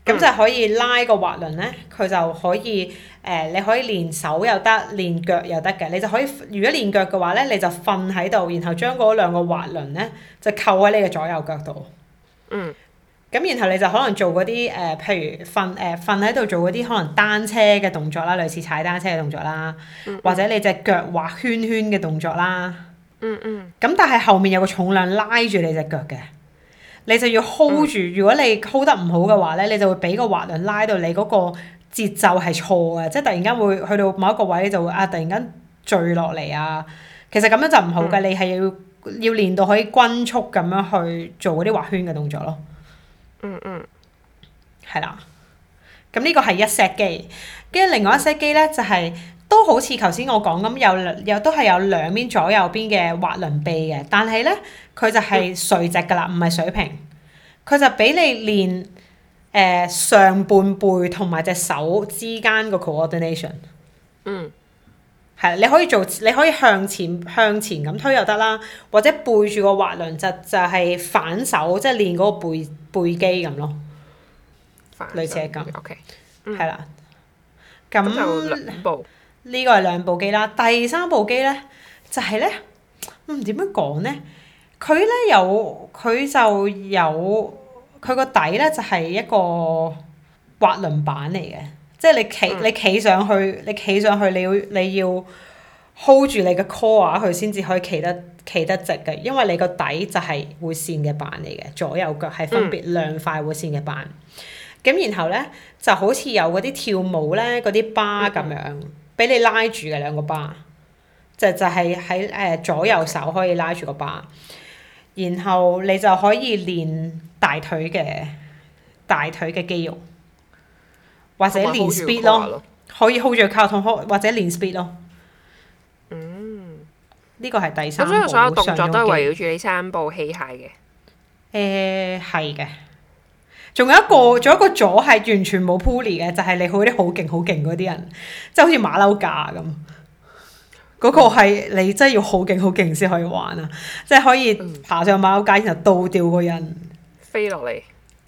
咁就可以拉個滑輪咧，佢就可以誒、呃，你可以練手又得，練腳又得嘅。你就可以，如果練腳嘅話咧，你就瞓喺度，然後將嗰兩個滑輪咧就扣喺你嘅左右腳度。嗯。咁然後你就可能做嗰啲誒，譬如瞓誒瞓喺度做嗰啲可能單車嘅動作啦，類似踩單車嘅動作啦，嗯嗯。或者你隻腳畫圈圈嘅動作啦。嗯咁、嗯、但係後面有個重量拉住你隻腳嘅。你就要 hold 住，嗯、如果你 hold 得唔好嘅話咧，你就會俾個滑輪拉到你嗰個節奏係錯嘅，即係突然間會去到某一個位就會啊，突然間墜落嚟啊，其實咁樣就唔好嘅，嗯、你係要要練到可以均速咁樣去做嗰啲滑圈嘅動作咯。嗯嗯，係啦，咁呢個係一 set 機，跟住另外一 set 機咧就係、是。都好似頭先我講咁，有兩有都係有兩邊左右邊嘅滑輪臂嘅，但係咧佢就係垂直噶啦，唔係水平。佢就俾你練誒、呃、上半背同埋隻手之間嘅 coordination。嗯，係，你可以做，你可以向前向前咁推又得啦，或者背住個滑輪就就係反手，即係練嗰個背背肌咁咯，反類似係咁。OK，係啦，咁。呢個係兩部機啦，第三部機咧就係、是、咧，嗯，點樣講咧？佢咧有佢就有佢個底咧就係一個滑輪板嚟嘅，即係你企你企上去，你企上去你要你要 hold 住你嘅 core 佢先至可以企得企得直嘅，因為你個底就係會線嘅板嚟嘅，左右腳係分別兩塊會線嘅板。咁然後咧就好似有嗰啲跳舞咧嗰啲 bar 咁樣。嗯嗯俾你拉住嘅兩個巴，就就係喺誒左右手可以拉住個巴，Okay. 然後你就可以練大腿嘅大腿嘅肌肉，或者練 speed 咯，咯可以 hold 住卡通，可或者練 speed 咯。嗯，呢個係第三步上。我所有，所有動作都係圍繞住
你三部器械嘅。
誒、呃，係嘅。仲有一個，仲有一個座係完全冇 pulley 嘅，就係、是、你嗰啲好勁、好勁嗰啲人，即係好似馬騮架咁。嗰、那個係你真係要好勁、好勁先可以玩啊！即係可以爬上馬騮架，然後倒吊個人
飛落嚟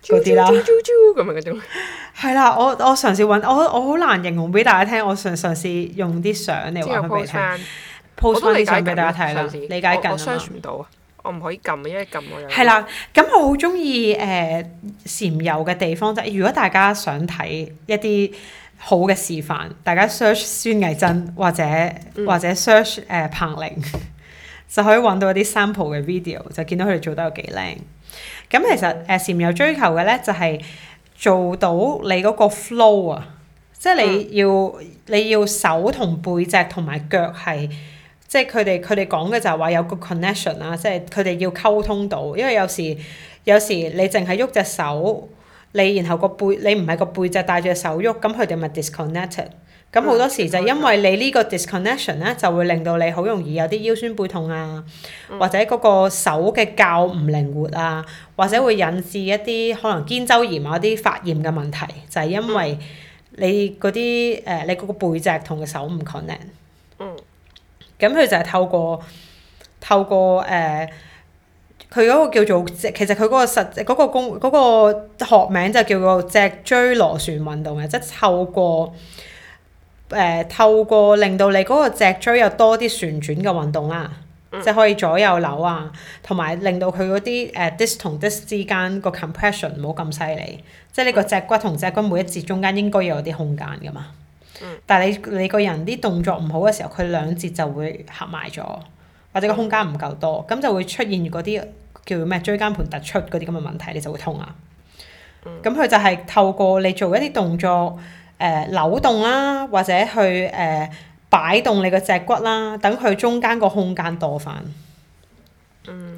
嗰啲啦，咁樣嗰啲。
係啦，我我嘗試揾，我我好難形容俾大家聽。我嘗嘗試用啲相嚟玩俾你聽。我都理解俾大家睇啦，理解緊啊嘛。
我唔可以撳，因為撳我樣。係啦，
咁我好中意誒禪遊嘅地方，就如果大家想睇一啲好嘅示範，大家 search 孫藝珍或者、嗯、或者 search 誒、呃、彭玲， 就可以揾到一啲 sample 嘅 video，就見到佢哋做得有幾靚。咁其實誒禪、呃、遊追求嘅咧就係、是、做到你嗰個 flow 啊，即、就、係、是、你要、嗯、你要手同背脊同埋腳係。即係佢哋佢哋講嘅就係話有個 connection 啊，即係佢哋要溝通到。因為有時有時你淨係喐隻手，你然後個背你唔係個背脊帶住隻手喐，咁佢哋咪 disconnect 咁，好多時就係因為你呢個 disconnection 咧、啊，就會令到你好容易有啲腰酸背痛啊，或者嗰個手嘅較唔靈活啊，或者會引致一啲可能肩周炎啊啲發炎嘅問題，就係、是、因為你嗰啲誒你嗰個背脊同個手唔 connect。咁佢就係透過透過誒佢嗰個叫做脊，其實佢嗰個實嗰個工嗰個學名就叫做脊椎螺旋運動嘅，即係透過誒、呃、透過令到你嗰個脊椎有多啲旋轉嘅運動啦，嗯、即係可以左右扭啊，同埋令到佢嗰啲誒 disk 同 disk 之間個 compression 唔好咁犀利，即係呢個脊骨同脊骨每一節中間應該有啲空間㗎嘛。但係你你個人啲動作唔好嘅時候，佢兩節就會合埋咗，或者個空間唔夠多，咁、嗯、就會出現嗰啲叫咩椎間盤突出嗰啲咁嘅問題，你就會痛啊。咁佢、嗯、就係透過你做一啲動作，誒、呃、扭動啦，或者去誒擺、呃、動你個脊骨啦，等佢中間個空間多翻。嗯，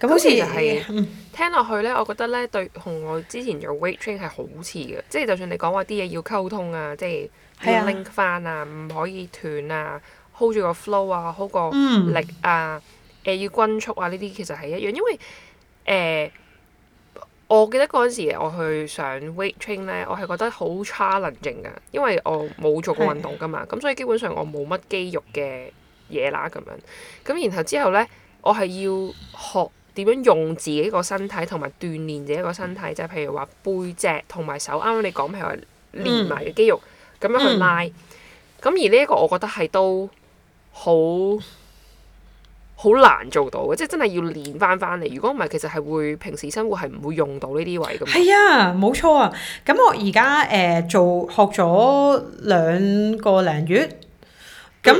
咁好似。嗯
聽落去咧，我覺得咧對，同我之前做 weight train 係好似嘅，即係就算你講話啲嘢要溝通啊，即係 link 翻啊，唔、啊、可以斷啊，hold 住個 flow 啊，hold 個力啊，誒、嗯呃、要均速啊，呢啲其實係一樣，因為誒、呃，我記得嗰陣時我去上 weight train 咧，我係覺得好 challenging 㗎，因為我冇做過運動㗎嘛，咁、啊、所以基本上我冇乜肌肉嘅嘢啦，咁樣，咁然後之後咧，我係要學。點樣用自己個身體同埋鍛煉自己個身體？身體嗯、即係譬如話背脊同埋手，啱啱你講譬如話
練埋嘅
肌肉，咁、嗯、樣去拉。咁、嗯、而呢一個我覺得係都好好難做到嘅，即係真係要練翻翻嚟。如果唔係，其實係會平時生活係唔會用到呢啲位咁。係啊，
冇錯啊。咁我而家誒做學咗兩個零月，咁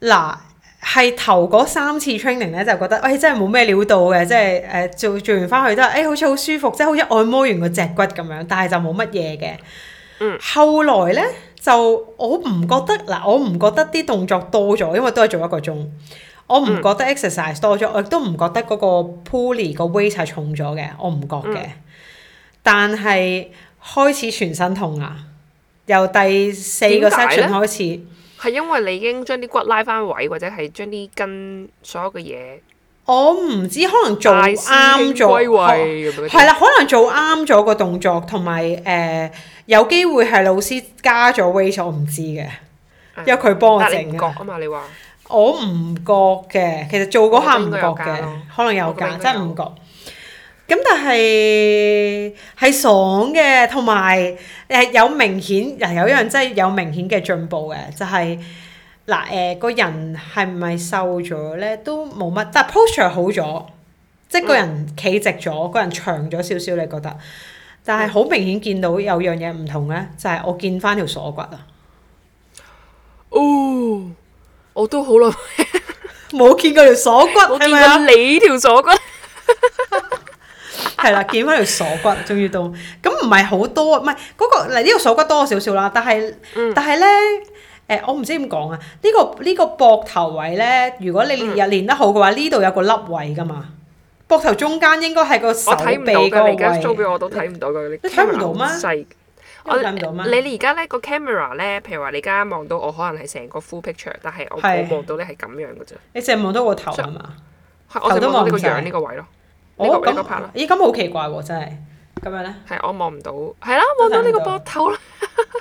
嗱、嗯。係頭嗰三次 training 咧，就覺得喂、哎、真係冇咩料到嘅，即係誒做做完翻去都係誒、哎、好似好舒服，即係好似按摩完個脊骨咁樣，但係就冇乜嘢嘅。嗯，後來咧就我唔覺得嗱，我唔覺得啲動作多咗，因為都係做一個鐘，我唔覺得 exercise 多咗、嗯，我亦都唔覺得嗰個 pulley 個 weight 係重咗嘅，我唔覺嘅。但係開始全身痛啊，由第四個 section 開始。
係因為你已經將啲骨拉翻位，或者係將啲筋所有嘅嘢，
我唔知可能做啱咗，係啦，可能做啱咗個動作，同埋誒有機會係老師加咗 weight 我唔知嘅，因為佢幫我整
嘅。
嗯。你唔覺啊嘛？你話我唔覺嘅，其實做嗰下唔覺嘅，覺可能有假，有真唔覺。咁但係係爽嘅，同埋誒有明顯，係有一樣真係有明顯嘅進步嘅，就係嗱誒個人係唔係瘦咗咧？都冇乜，但係 posture 好咗，即係個人企直咗，個人長咗少少，你覺得？但係好明顯見到有樣嘢唔同咧，就係我見翻條鎖骨啊！哦，我都好耐冇見過條鎖骨，我見過你條鎖骨。係啦， 見翻條鎖骨終於到，咁唔係好多，唔係嗰個嗱呢、這個鎖骨多少少啦，但係、嗯、但係咧，誒我唔知點講啊，呢、這個呢、這個膊頭位咧，如果你練日練得好嘅話，呢度有個凹位噶嘛，膊頭中間應該係個手臂嗰個位，做咩我
都睇唔到㗎你，你睇唔到咩？r
我睇唔到咩？你
而家咧個 camera 咧，譬如話你而家望到我可能係成個 full picture，但係我冇望到你係咁樣嘅啫，
你淨係望到個頭係嘛？我都望到個樣呢個位咯。 我咁
咦咁好奇怪喎，啊，真係咁樣咧？
係我望唔到，係啦，望到呢個膊頭啦，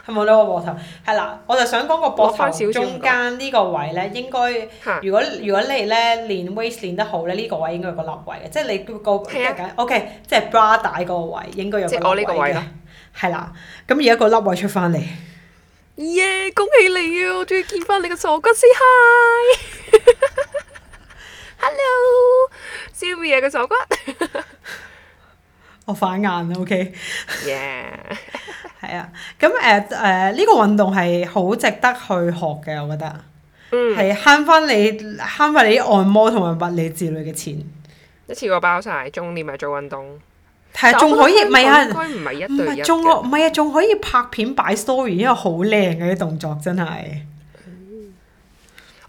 係 望到個膊頭。係啦，我就想講個膊頭中間呢個位咧，點點應該如果如果你係咧練 waist 練得好咧，呢、這個位應該有個凹位嘅，即係你、那個的 O、okay, K，即係 bra 帶嗰個位應該有。即係我呢個位咯。係啦，咁而一個凹位出翻嚟，
耶！Yeah，恭喜你啊，哦，我終於見翻你個手骨，See high！Hello，Sylvia 嘅手骨，
我反眼啦
OK，Yeah
係啊，咁誒誒呢個運動係好值得去學嘅，我覺得，
係慳翻你
慳翻你啲按摩同埋物理治療嘅錢，
一次過包曬，仲連埋做運動，
係仲、啊、可以，唔係 啊，
唔係一唔係仲
唔係啊，仲可以拍片擺 story，因為好靚嘅啲動作真係。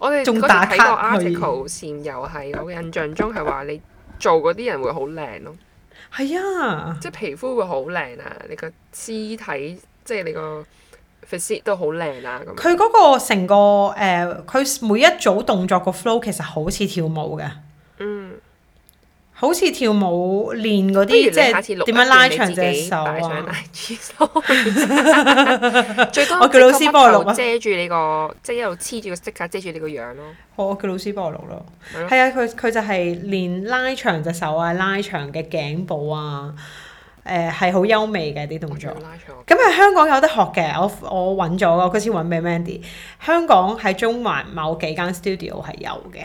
我哋仲大睇過 article 線去，又係我印象中係話你做嗰啲人會好靚咯，係啊呀，即係皮膚會好靚啊，你個肢體即係你、啊、個 face 都好靚啦。佢嗰
個成個誒，佢每一組動作個 flow 其實好似跳舞嘅，嗯。好似跳舞練嗰啲，即係點樣拉長隻手
啊？ 最多 我叫老師幫我錄啊！遮住你個，即係一路黐住個色卡遮住你個樣咯。我我叫老師幫我錄咯。係 啊，佢佢就係
練拉長隻手啊，拉長嘅頸部啊。誒係好優美嘅啲動作。咁喺香港有得學嘅，我我揾咗噶，佢先揾俾 Mandy。香港喺中環某幾間 studio 係有嘅。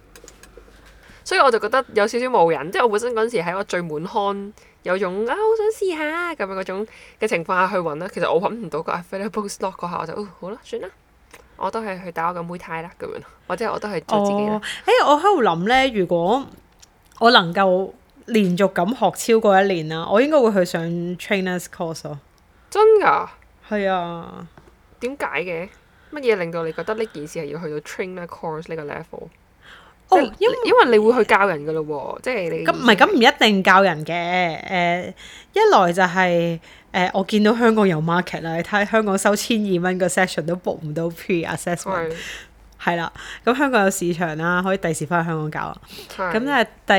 所以我就覺得有少少冇癮，即係我本身嗰陣時喺我最滿刊有種啊好想試下咁樣嗰種嘅情況下去揾啦。其實我揾唔到個 a f a t e p o o g 嗰下，我就哦，好啦，算啦，我都係去打我個 Muay Thai 啦咁樣。我即係我都係做自
己啦。誒、哦，我喺度諗呢，如果我能夠連續咁學超過一年啦，我應該會去上 trainer course 咯。
真㗎？係啊。點解嘅？乜嘢令到你覺得呢件事係要去到 trainer course 呢個 level？即、哦、因為因為你會去教人嘅咯喎，即係你咁唔係
咁唔一定教人嘅誒、呃。一來就係、是、誒、呃，我見到香港有 market 啦，你睇香港收千二蚊個 session 都 book 唔到 pre assessment 係啦。咁是香港有市場啦，可以第時翻去香港教啊。咁啊是，第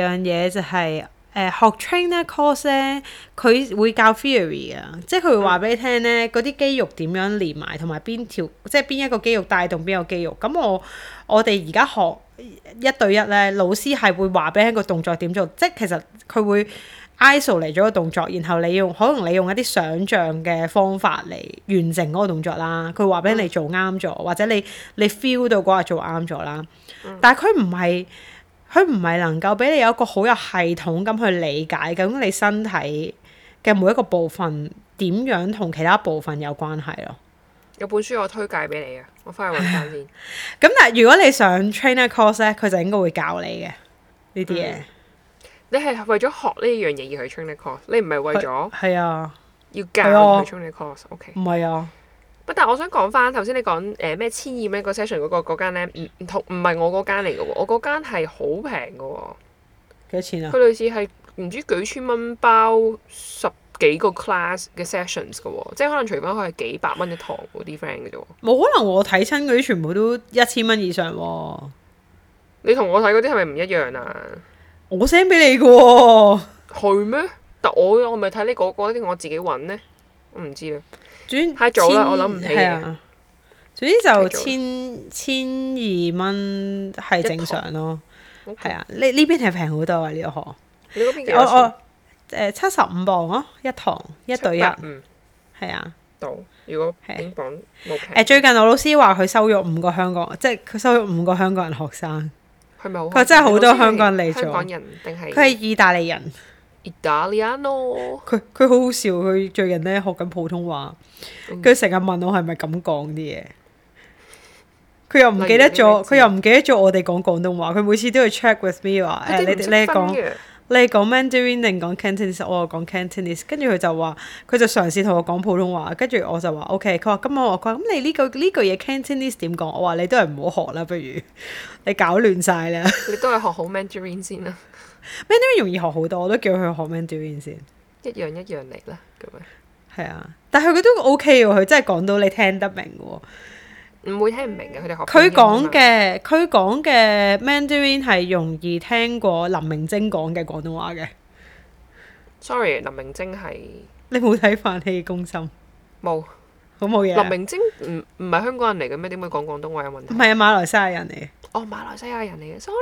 二樣嘢就係、是、誒、呃、學 train 呢 course 咧，佢會教 theory 啊，即係佢會話俾你聽咧，嗰啲是肌肉點樣連埋，同埋邊條即係邊一個肌肉帶動邊個肌肉。咁我我哋而家學。一對一咧，老師係會話俾你一個動作點做，即其實佢會 isolate 咗個動作，然後你用可能你用一啲想像嘅方法嚟完成嗰個動作啦。佢話俾你做啱咗，嗯、或者你你 feel 到嗰日做啱咗啦。嗯、但係佢唔係佢唔係能夠俾你有一個好有系統咁去理解究竟你身體嘅每一個部分點樣同其他部分有關係咯。
有本書我推介俾你啊！我翻去揾翻先。
咁 但係如果你想 training course 咧，佢就應該會教你嘅呢啲嘢。Yeah.
你係為咗學呢樣嘢而去 training course，你唔係為咗
係啊？要教、啊、去 training course，OK？唔係啊！
不，但係我想講翻頭先你講誒咩千二蚊個 session 嗰個嗰間咧，唔同，唔係我嗰間嚟嘅喎。我嗰間係好平嘅喎。幾多錢啊？佢類似係唔知幾千蚊包十幾個 class 嘅 sessions 嘅喎、哦，即係可能除翻佢係幾百蚊一堂嗰啲 friend 嘅啫，
冇可能我睇親嗰啲全部都一千蚊以上喎、
哦。你同我睇嗰啲係咪唔一樣啊？
我 send 俾你嘅喎、
哦，係咩？但我我咪睇你嗰、那、啲、個，我自己揾呢？我唔知啊。總之轉太早啦，千我諗唔起。啊，
總之就千千二蚊係正常咯。係、okay. 啊，呢呢邊係平好多啊呢一行。這個、河你嗰邊我，我，我誒七十五磅咯，一堂一對一，係啊，到如果英文誒，最近我老師話佢收咗五個香港，即係佢收咗五個香港人學生，
係咪佢真係好多香港人嚟咗？佢係意大利人，佢佢
好好笑，佢最近咧學緊普通話，佢成日問我係咪咁講啲嘢，佢又唔記得咗，佢又唔記得咗我哋講廣東話，佢每次都要 check with me 話誒你哋咧講。你係講 Mandarin 定講 Cantonese？我話講 Cantonese，跟住佢就話，佢就嘗試同我講普通話，跟住我就話 OK。佢話咁晚我講，咁你呢句呢句嘢 Cantonese 點講？我話、嗯、你都係唔好學啦，不如你搞亂晒啦。
你都係學好 Mandarin 先啦。
Mandarin 容易學好多，我都叫佢學 Mandarin 先。
一樣一樣嚟啦，咁樣。
係啊，但係佢都 OK 佢、啊、真係講到你聽得明喎、啊。
唔會聽唔明嘅，佢哋學。佢講嘅
佢講嘅 Mandarin 係容易聽過林明晶講嘅廣東話嘅。
Sorry，林明晶，係
你冇睇翻《戲攻心》冇好冇嘢、啊。林明
晶唔唔係香港人嚟嘅咩？點會講廣東話有問題？唔係啊，馬來西亞人嚟嘅。哦，馬來西亞人嚟嘅，sorry。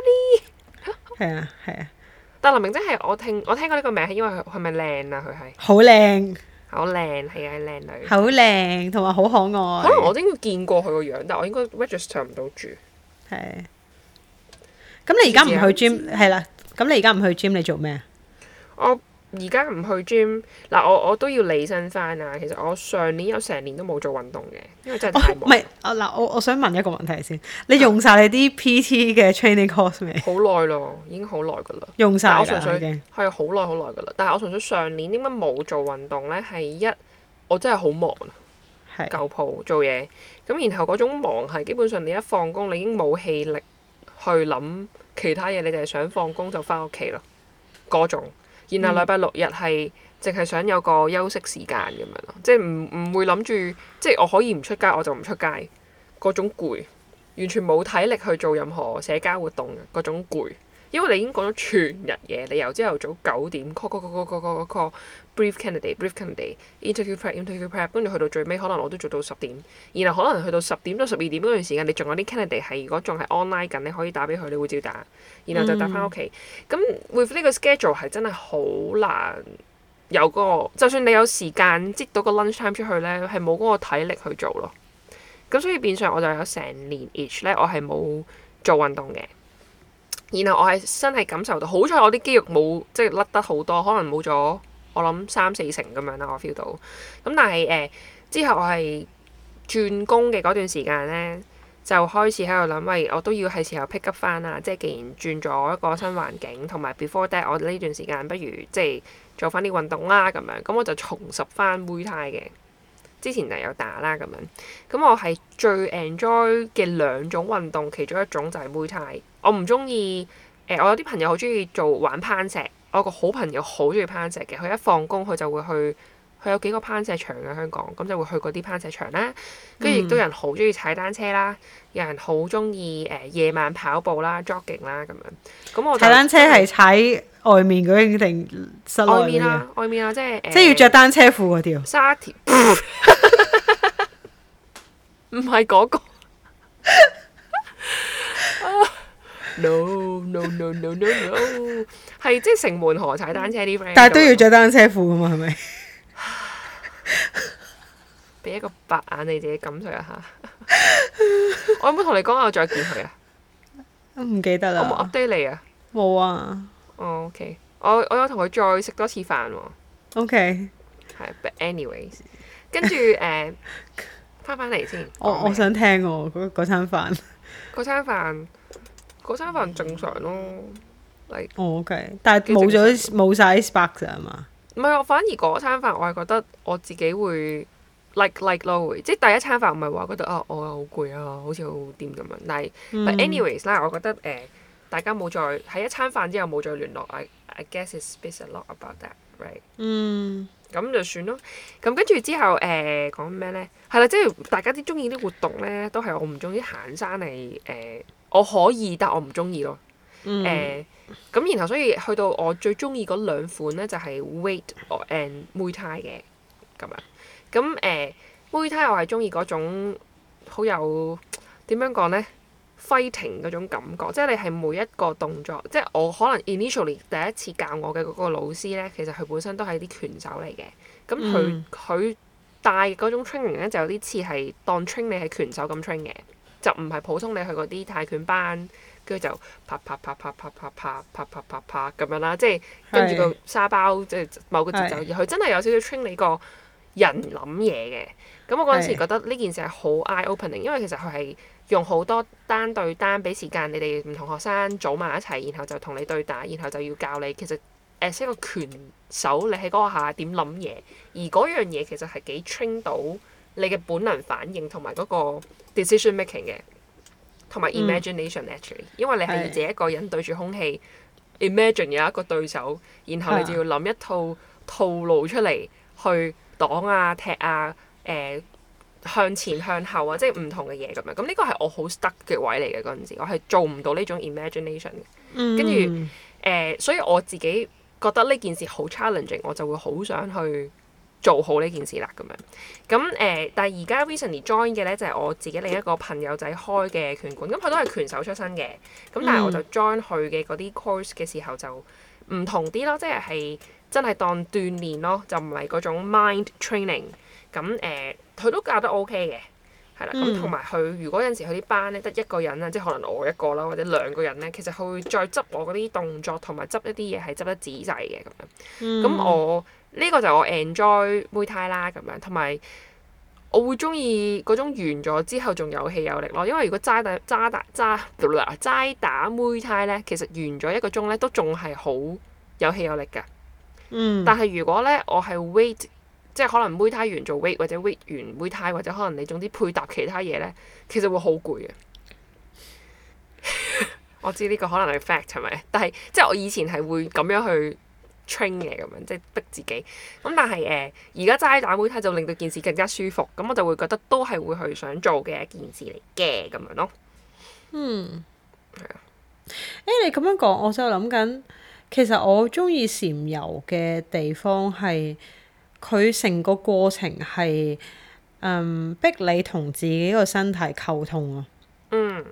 係啊係啊，但林明晶係我聽我聽過呢個名，係因為佢係咪靚啊？佢係好靚。好靚，係啊，靚女。好
靚，同埋好可愛。可能我都
應該見過佢個樣，但我應該 register 唔到住。
係。咁、嗯、你而家唔去 gym 係啦，咁、嗯、你而家唔去 gym，你做咩啊？
我而家唔去 gym 嗱，我我都要理身翻啊。其實我上年有成年都冇做運動嘅，因為真係太
忙。唔係。我嗱，我我想問一個問題先，你用曬你啲 PT 嘅 training course 未？好
耐咯，已經好耐㗎啦。用曬啦，係好耐好耐㗎啦。但係我純粹上 Okay. 年點解冇做運動咧？係一我真係好忙啊，舊鋪的做嘢咁，然後嗰種忙係基本上你一放工，你已經冇氣力去諗其他嘢，你就係想放工就翻屋企咯嗰種。然後禮拜六日係淨係想有個休息時間咁樣咯，即係唔唔會諗住，即係我可以唔出街我就唔出街，嗰種攰，完全冇體力去做任何社交活動，嗰種攰，因為你已經講咗全日嘢，你由朝頭早九點，嗰嗰嗰嗰嗰嗰嗰 brief candidate, brief candidate, interview prep, interview prep，跟住去到最尾可能我都做到十點，然後可能去到十點到十二點嗰段時間，你仲有啲 candidate 係如果仲係 online 緊，你可以打俾佢，你會照打，然後就打翻屋企。咁 with 呢個 schedule 係真係好難有嗰個，就算你有時間即到個 lunch time 出去咧，係冇嗰個體力去做咯。咁所以變相我就有成年 each 咧，我係冇做運動嘅。然後我係真係感受到，好彩我啲肌肉冇即係甩得好多，可能冇咗。我諗三四成咁樣啦，我 feel 到。咁但係誒、呃、之後我係轉工嘅嗰段時間咧，就開始喺度諗，喂，我都要係時候 pick up 翻啊！即係既然轉咗一個新環境，同埋 before that，我呢段時間不如即係做翻啲運動啦咁樣。咁我就重拾翻 Muay Thai 嘅，之前就有打啦咁樣。咁我係最 enjoy 嘅兩種運動，其中一種就係 Muay Thai。我唔中意誒，我有啲朋友好中意做玩攀石。我個好朋友好中意攀石嘅，佢一放工佢就會去，佢有幾個攀石場喺香港，咁就會去嗰啲攀石場啦。跟住亦都有人好中意踩單車啦，有人好中意誒夜晚跑步啦、jogging 啦咁樣。咁我踩單車係
踩外面嗰邊定室內外面啦、啊？外面啊，即係、呃、即係要着單車褲嗰條。沙
條唔係嗰個。 No no no no no no，係即係城門河踩單車啲 friend，但係都要著
單車褲㗎嘛係咪？
俾一個白眼你自己感受一下。我有冇同你講我再見佢啊？唔記得啦。我冇 update 你啊？冇啊。哦，OK，我我有同佢再食多次飯喎。OK，係，but anyways，跟住誒翻返嚟先。我我
想聽我嗰嗰餐飯，
嗰餐飯。嗰餐飯正常咯、like，o、okay,
k 但係冇咗冇晒 spark 啊嘛。
唔係， 我反而嗰餐飯我係覺得我自己會 like like 咯，即係第一餐飯唔係話覺得啊我、哦、好攰啊，好似好掂咁樣。但係，anyways 啦，我覺得誒、啊、大家冇再喺一餐飯之後冇再聯絡，I I guess it's based a lot about that，right？嗯，咁就算咯。咁跟住之後誒、啊、講咩咧？係啦，即係大家啲中意啲活動咧，都係我唔中意行山嚟誒。啊啊啊我可以，但我唔中意咯。誒、嗯，咁、呃、然後所以去到我最中意嗰兩款咧，就係、是、weight and Muay Thai 嘅咁樣。咁、嗯、誒、呃、Muay Thai 我係中意嗰種好有點樣講咧 fighting 嗰種感覺，即係你係每一個動作，即係我可能 initially 第一次教我嘅嗰個老師咧，其實佢本身都係啲拳手嚟嘅。咁佢佢帶嗰種 training 咧，就有啲似係當 train 你係拳手咁 train 嘅。就唔係普通你去嗰啲泰拳班，跟住就啪啪啪啪啪啪啪啪啪啪咁樣啦，即係跟住個沙包即係某個節奏而佢真係有少少 train 你個人諗嘢嘅。咁我嗰陣時覺得呢件事係好 eye-opening，因為其實佢係用好多單對單俾時間，你哋唔同學生組埋一齊，然後就同你對打，然後就要教你其實誒，一個拳手你喺嗰個下點諗嘢，而嗰樣嘢其實係幾 train 到。你嘅本能反應同埋嗰個 decision making 嘅，同埋 imagination、嗯、actually，因為你係要自己一個人對住空氣的，imagine 有一個對手，然後你就要諗一套套路出嚟的去擋啊、踢啊、誒、呃、向前向後啊，即係唔同嘅嘢咁樣。咁、嗯、呢、嗯嗯嗯、個係我好 stuck 嘅位嚟嘅嗰陣時，我係做唔到呢種 imagination。跟住誒，所以我自己覺得呢件事好 challenging，我就會好想去做好呢件事啦，咁樣咁誒、呃，但係而家 recently join 嘅咧就係、是、我自己另一個朋友仔開嘅拳館，咁佢都係拳手出身嘅，咁但係我就 join 佢嘅嗰啲 course 嘅時候就唔同啲咯，即係係真係當鍛鍊咯，就唔係嗰種 mind training。咁、呃、誒，佢都教得 OK 嘅，係啦。咁同埋佢如果有陣時佢啲班咧得一個人啊，即係可能我一個啦，或者兩個人咧，其實佢會再執我嗰啲動作同埋執一啲嘢係執得仔細嘅咁樣。咁、嗯、我。呢個就我 enjoy 妹態啦，咁樣同埋我會中意嗰種完咗之後仲有氣有力咯，因為如果齋打齋打齋啦，齋打妹態呢，其實完咗一個鐘呢都仲係好有氣有力㗎。嗯。但係如果呢，我係 weight 即係可能妹態完做 weight 或者 weight 完妹態或者可能你總之配搭其他嘢呢，其實會好攰嘅。 我知呢個可能係 fact 係咪？但係即係我以前係會咁樣去。train 嘅咁樣，即係逼自己。咁、嗯、但係誒，而家齋打烏腿就令到件事更加舒服。咁我就會覺得都係會去想做嘅一件事嚟嘅咁樣咯。嗯，
係、欸、你咁樣講，我就諗緊，其實我鍾意潛游嘅地方係佢成個過程係、嗯、逼你同自己個身體溝通啊。嗯。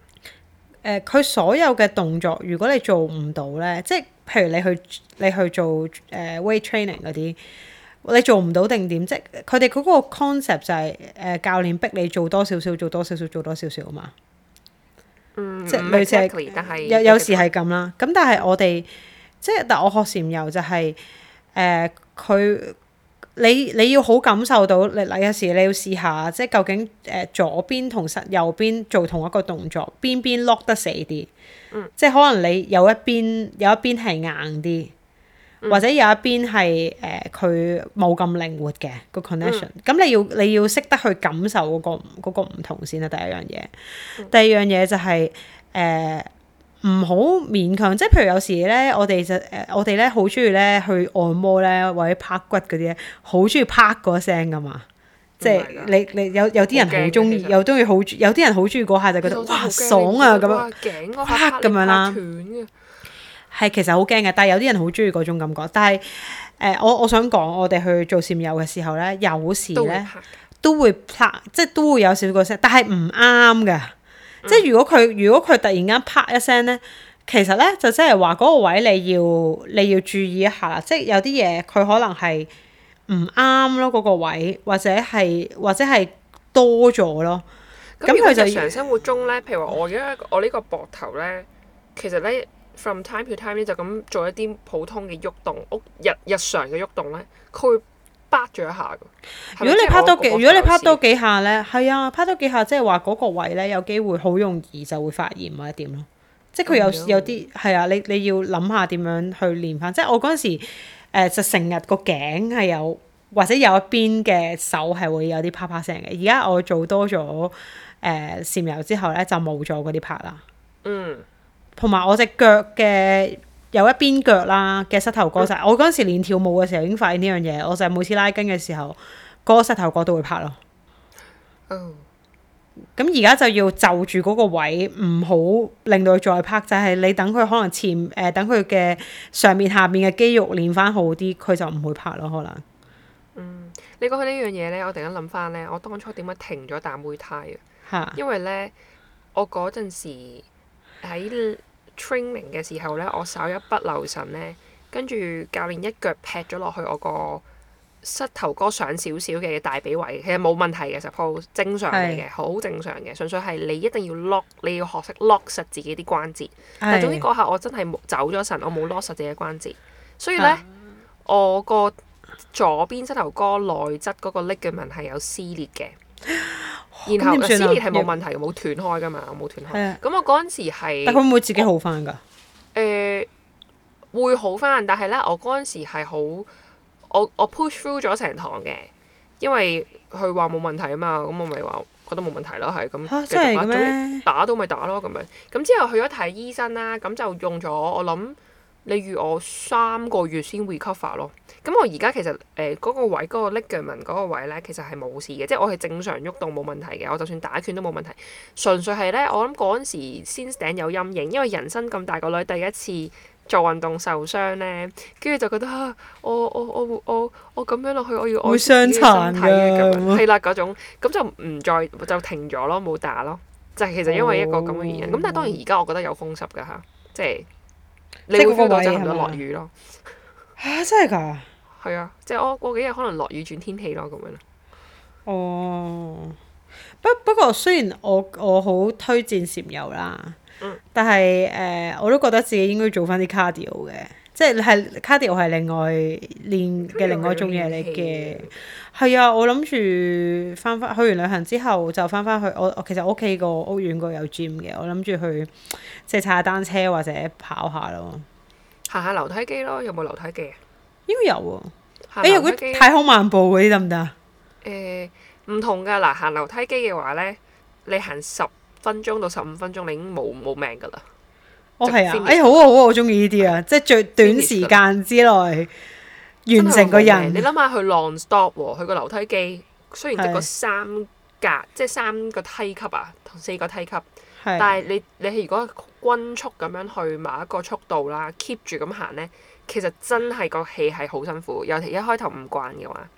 佢、呃、所有嘅動作，如果你做唔到呢，即係。譬如你去你去做誒、呃、weight training 嗰啲，你做唔到定點，即佢哋嗰個 concept 就係、是、誒、呃、教練逼你做多少少，做多少少，做多少少啊嘛。嗯，
即係類似，但係有有時係
咁啦。咁但係我哋即係，嗯、但我學禪游就係誒佢你你要好感受到，你嗱有時你要試下，即係究竟誒、呃、左邊同右邊做同一個動作，邊邊 lock 得死啲。即係可能你有一邊有一邊係硬啲，嗯、或者有一邊係誒佢冇咁靈活嘅個 connection。咁、嗯、你要你要識得去感受嗰、嗰個、嗰個唔同先啦。第一樣嘢，嗯、第二樣嘢就係誒唔好勉強。即係譬如有時咧，我哋就誒我哋咧好中意咧去按摩咧或者拍骨嗰啲咧，好中意拍嗰聲噶嘛。即係你你有有啲人好中意，有中意好，有啲人好中意嗰下就覺得哇爽啊咁樣，
嚇咁樣啦。
係其實好驚嘅，但係有啲人好中意嗰種感覺。但係誒、呃，我我想講，我哋去做攝友嘅時候咧，有時咧都會啪，即係都會有少少聲，但係唔啱㗎。嗯、即係如果佢如果佢突然間啪一聲咧，其實咧就即係話嗰個位你要你要注意一下啦。即係有啲嘢佢可能係。唔啱咯，嗰、嗰個位或者係或者係多咗咯。咁佢就，日常生
活中咧， 譬如話我而家我呢個膊頭咧，其實咧 from time to time 咧就咁做一啲普通嘅喐動，屋日日常嘅喐動咧，佢會巴咗一下。如果你拍多幾，是是是如果你拍多
幾下咧，係啊，拍多幾下即係話嗰個位咧有機會好容易就會發炎或者點咯。即係佢有、嗯啊、有啲係啊，你你要諗下點樣去練翻。即係我嗰陣時。誒、呃、就成日個頸係有，或者有一邊嘅手係會有啲啪啪聲嘅。而家我做多咗誒蠶油之後咧，就冇咗嗰啲拍啦。嗯。同埋我隻腳嘅有一邊腳啦嘅膝頭哥就係、是嗯、我嗰陣時練跳舞嘅時候已經發現呢樣嘢，我就係每次拉筋嘅時候，個膝頭哥都會拍咯。哦。咁而家就要就住嗰個位，唔好令到佢再拍，就係、是、你等佢可能潛誒、呃，等佢嘅上面下面嘅肌肉練翻好啲，佢就唔會拍咯。可能，
嗯，你講起呢樣嘢咧，我突然間諗翻咧，我當初點解停咗彈背胎啊？係，因為咧，我嗰陣時喺 training 嘅時候咧，我稍一不留神咧，跟住教練一腳劈咗落去我個膝頭哥上少少嘅大髀位，其實冇問題嘅 suppose 正常嚟嘅，好是正常嘅，純粹係你一定要 lock，你要學識 lock 實自己啲關節。是但係總之嗰刻我真係冇走咗神，我冇 lock 實自己嘅關節。
所以呢，嗯、
我個左邊膝頭哥內側嗰個 ligament 係有撕裂嘅，哇然後撕裂係冇問題，冇斷要開㗎嘛，冇斷開。咁的我嗰陣時係，但佢會唔會自己好翻㗎？誒、 呃，會好翻，但係呢，我嗰陣時係好。我我 push through 咗成堂嘅，因為佢話冇問題啊嘛，咁我咪話覺得冇問題咯，係咁。嚇真係咩？打都咪打咯，咁樣。咁之後去咗睇醫生啦，咁就用咗我諗，你預我三個月先 recover 咯。咁我而家其實誒嗰、呃嗰個位，嗰、嗰個 ligament 嗰個位咧，其實係冇事嘅，即係我係正常喐動冇問題嘅，我就算打拳都冇問題。純粹係咧，我諗嗰陣時先頂有陰影，因為人生咁大個女第一次。做運動受傷咧，跟住就覺得、啊、我我我我我咁樣落去，我要愛惜自己身體嘅咁樣，係啦嗰種，咁就唔再就停咗咯，冇打咯，就係、是、其實因為一個咁嘅原因。咁、哦、但係當然而家我覺得有風濕㗎嚇，即
係積雪就唔能落
雨咯。嚇、啊！真係㗎？係啊，即、就、係、是、我過幾日可能落雨轉天氣咯，咁樣咯。
哦。不不過雖然我我好推薦潛游啦。嗯、但係誒、呃，我都覺得自己應該做翻啲 cardio 嘅，即係係 cardio 係另外練嘅另外一種嘢嚟嘅。係啊、嗯，我諗住翻翻去完旅行之後就翻翻去我我其實屋企個屋苑嗰度有 gym 嘅，我諗住去即係踩下單車或者跑下咯。
行下樓梯機咯，有冇樓梯機啊？
應該有喎、
啊。誒，如果太空
漫步嗰啲得唔得
啊？誒、欸，唔同㗎嗱，行樓梯機嘅話咧，你行十分鐘到十五分鐘，你已經冇冇命噶啦！哦，係啊，欸、好啊
好啊，我鍾意呢啲啊，即係最短時間之內 finish 完成個人。你諗
下佢 long stop 喎、啊，佢個樓梯機雖然得個三格，的即係三個梯級啊，同四個梯級，的但係你你如果均速咁樣去某一個速度啦，keep 住咁行呢，其實真係個氣係好辛苦，尤其一開頭唔慣嘅話。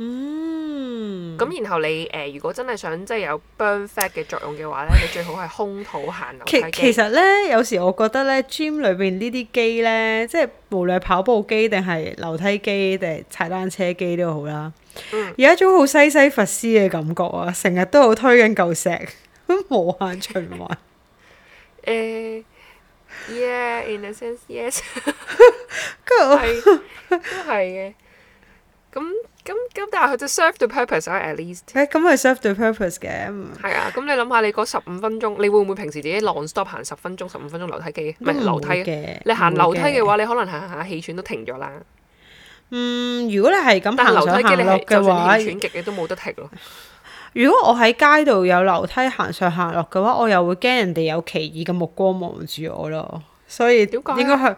嗯，咁然後你誒、呃，如果真係想即係有 burn fat 嘅作用嘅話咧，你最好係空肚行樓梯機。其，其實
咧，有時我覺得咧，gym 裏邊呢啲機咧，即係無論跑步機定係樓梯機定係踩單車機都好啦，嗯、有一種好西西佛斯嘅感覺啊！成日都好推緊嚿石，無限循環。誒、
uh,，yeah，in a sense，yes， Go. 都係嘅，咁、嗯。咁咁、哎，但係佢只 serve the purpose 咧，at least。誒，咁係 serve the purpose 嘅。係啊，咁你諗下，你嗰十五分鐘，你會唔會平時自己 long stop 行十分鐘、十五分鐘樓梯機，唔係樓梯嘅？你行樓梯嘅話，你可能行行下氣喘都停咗啦。嗯，
如果你係咁，行係樓梯機你係就算氣喘極
嘅都冇得停咯。
如果我喺街度有樓梯行上行落嘅話，我又會驚人哋有奇異嘅目光望住我咯。所以點講，應該係。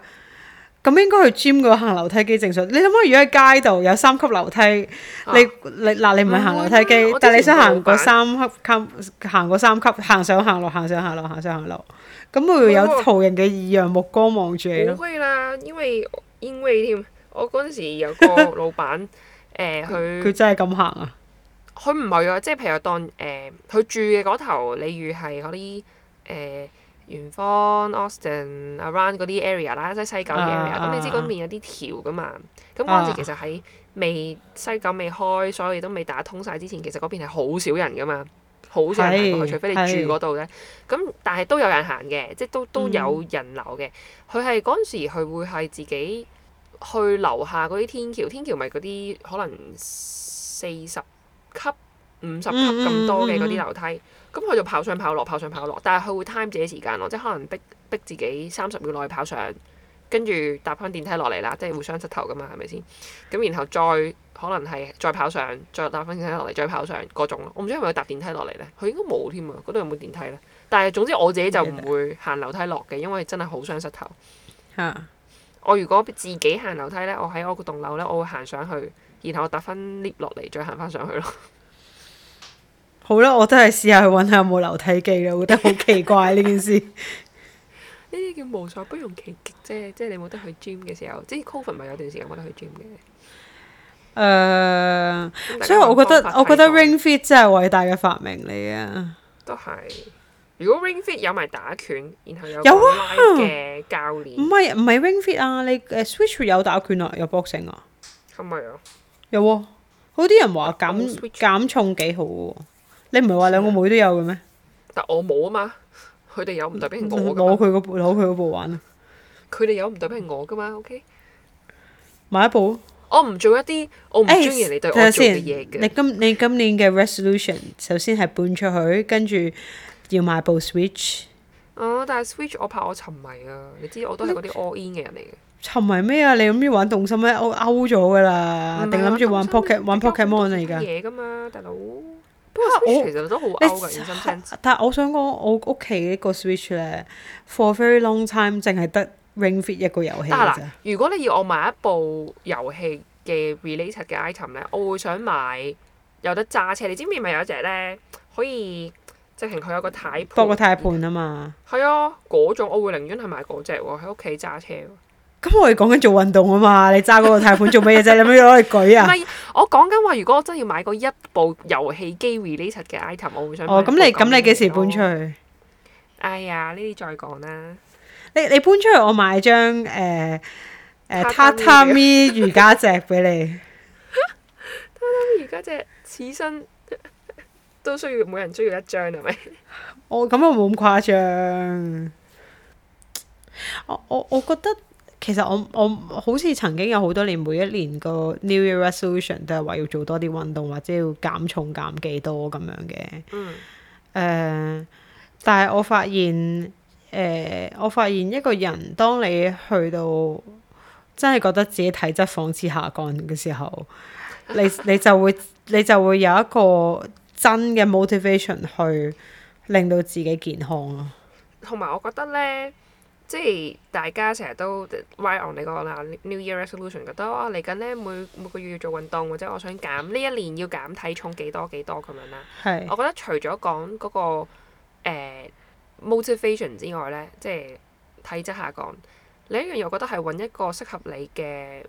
咁應該去 gym 個行樓梯機正常。你諗下，如果喺街度有三級樓梯，你你嗱，你唔係行樓梯機，但係你想行嗰三級，行嗰三級，行上行落，行上行落，行上行落，咁會唔會有途人嘅異樣目光望住你咯？唔
會啦，因為因為添，我嗰陣時有個老闆，誒佢佢
真係咁行啊！
佢唔係啊，即係譬如當誒佢住嘅嗰頭，例如係嗰啲誒。元芳、Austin、Around 嗰啲 area 啦，即係西九 area。咁、uh, uh, 你知嗰邊有啲橋噶嘛？咁嗰陣時其實喺未西九未開，所以都未打通曬之前，其實嗰邊係好少人噶嘛，好少人去，是除非你住嗰度咧。咁是但係都有人行嘅，即係都都有人流嘅。佢係嗰陣時佢會係自己去樓下嗰啲天橋，天橋咪嗰啲可能四十級、五十級咁多嘅嗰啲樓梯。Um, um, um, um, 咁佢、嗯、就跑上跑落跑上跑落，但係佢會 time 自己時間咯，即係可能逼逼自己三十秒內跑上，跟住搭翻電梯落嚟啦，即係會傷膝頭噶嘛，係咪先？咁然後再可能係再跑上，再搭翻電梯落嚟，再跑上嗰種咯。我唔知係咪搭電梯落嚟咧，佢應該冇添啊，嗰度有冇電梯咧？但係總之我自己就唔會行樓梯落嘅，因為真係好傷膝頭。我如果自己行樓梯咧，我喺我個棟樓咧，我會行上去，然後搭翻 lift 落嚟，再行翻上去咯。
好啦，我都係試下去揾下有冇樓梯機啦。我覺得好奇怪呢 件事。
呢啲 叫無所不用其極，即係即係你冇得去 gym 嘅時候，即係 COVID 咪有段時間冇得去 gym 嘅。誒，
所以我覺得我覺得 Ring Fit 真係偉大嘅發明嚟
啊！都係如果 Ring Fit 有埋打拳，然後有有拉嘅教練，
唔係唔係 Ring Fit 啊？你 Switch 有打拳啊？有 boxing 啊？係咪啊？有喎、啊，有啲人話減減重幾好喎。你唔係話兩個妹都有嘅咩？
但係我冇啊嘛，佢哋有唔代表係我
攞佢個攞佢嗰部玩啊！
佢哋有唔代表係我噶嘛？OK，買一部。我唔做一啲我唔中意你對我做嘅嘢嘅。你
今你今年嘅 resolution 首先係搬出去，跟住要買部 Switch。哦，
但係 Switch 我怕我沉迷啊！你知我都係嗰啲 all in 嘅人嚟
嘅。沉迷咩啊？你諗住玩動森咩？我 out 咗噶啦，定諗住玩 Pokemon？玩 Pokemon 啊！而家嘢
噶嘛，大佬。不過 Switch, 哈 S,、啊、我 其實都好 out 㗎，而家聽。
但係我想講，我屋企呢個 Switch 咧，for very long time 淨係得《Ring Fit》一個遊戲，啊。
如果你要我買一部遊戲嘅 release 嘅 item 咧，我會想買有得揸車。你知唔知咪有，有，有一隻咧可以直情佢有個軚盤？多個
軚盤啊嘛。
係啊、哦，嗰種我會寧願係買嗰隻喎，喺屋企揸車。
咁我哋講緊做運動啊嘛，你揸嗰個貸款做乜嘢啫？ 你咪要攞嚟舉啊！唔係，
我講緊話，如果我真係要買個一部遊戲機 related 嘅 item，我會想哦。咁你咁你
幾時搬出
去？哎呀，呢啲再講啦。
你你搬出去，我買張誒誒榻榻米瑜伽席俾你。
榻榻米瑜伽席，此身都需要每人需要一張係咪？
我咁又冇咁誇張。我我我覺得。其實我我好似曾經有好多年，每一年個 New Year Resolution 都係話要做多啲運動，或者要減重減幾多咁樣嘅。嗯。Uh, 但係我發現，誒、uh，我發現一個人，當你去到真係覺得自己體質仿似下降嘅時候，你你就會你就會有一個真嘅 motivation 去令到自己健康咯。
同埋我覺得咧。即係大家成日都 write on 你個 New Year resolution，覺得啊，嚟緊咧每每個月要做運動，或者我想減呢一年要減體重幾多幾多咁樣啦。是我覺得除咗講嗰個誒、呃、motivation 之外咧，即係體質下降，另一樣又覺得係揾一個適合你嘅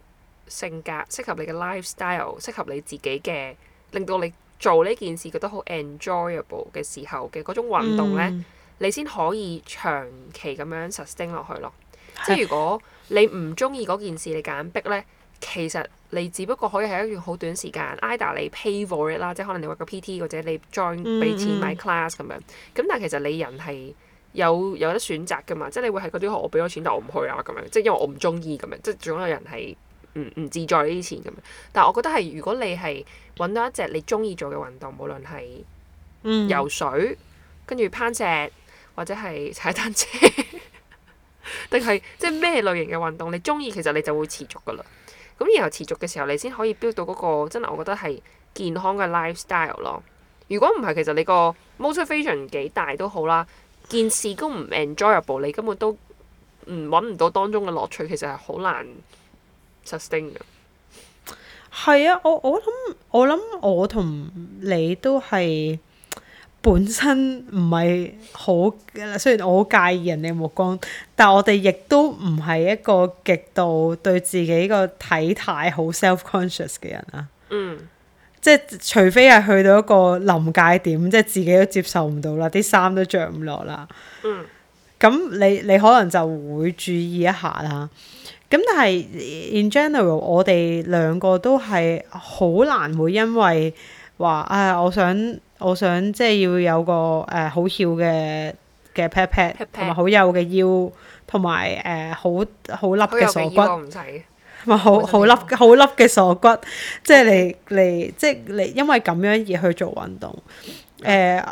性格、適合你嘅 lifestyle、適合你自己嘅，令到你做呢件事覺得好 enjoyable 嘅時候嘅嗰種運動咧。嗯你先可以長期咁樣 sustain 落去咯。即係如果你唔中意嗰件事，你夾硬逼咧，其實你只不過可以係一段好短時間。Either 你 pay for it 啦，即係可能你揾個 PT 或者你 join 俾、mm hmm. 錢買 class 咁樣。咁但係其實你人係有有得選擇噶嘛。即係你會喺嗰啲我俾咗錢，但我唔去啊咁樣。即係因為我唔中意咁樣。即係總有人係唔唔自在呢啲錢咁樣。但係我覺得係如果你係揾到一隻你中意做嘅運動，無論係游水跟住攀石。或者係踩單車， 定係即係咩類型嘅運動？你中意，其實你就會持續噶啦。咁然後持續嘅時候，你先可以 build 到嗰、嗰個真係，我覺得係健康嘅 lifestyle 咯。如果唔係，其實你個 motivation 幾大都好啦，件事都唔 enjoyable，你根本都唔揾唔到當中嘅樂趣，其實係好難 sustain 嘅。係啊，我我諗
我諗，我同你都係。本身唔係好，雖然我好介意人哋目光，但我哋亦都唔係一個極度對自己個體態好 self conscious 嘅人啊。嗯，即係除非係去到一個臨界點，即係自己都接受唔到啦，啲衫都着唔落啦。嗯，咁你你可能就會注意一下啦。咁但係 in general，我哋兩個都係好難會因為話啊，我想。我想即係要有個誒、呃、好翹嘅嘅 pat pat，同埋好幼嘅腰，同埋誒好好凹嘅鎖骨，唔使，唔係好好凹好凹嘅鎖骨，即係嚟嚟即係嚟，因為咁樣而去做運動。誒、呃、誒、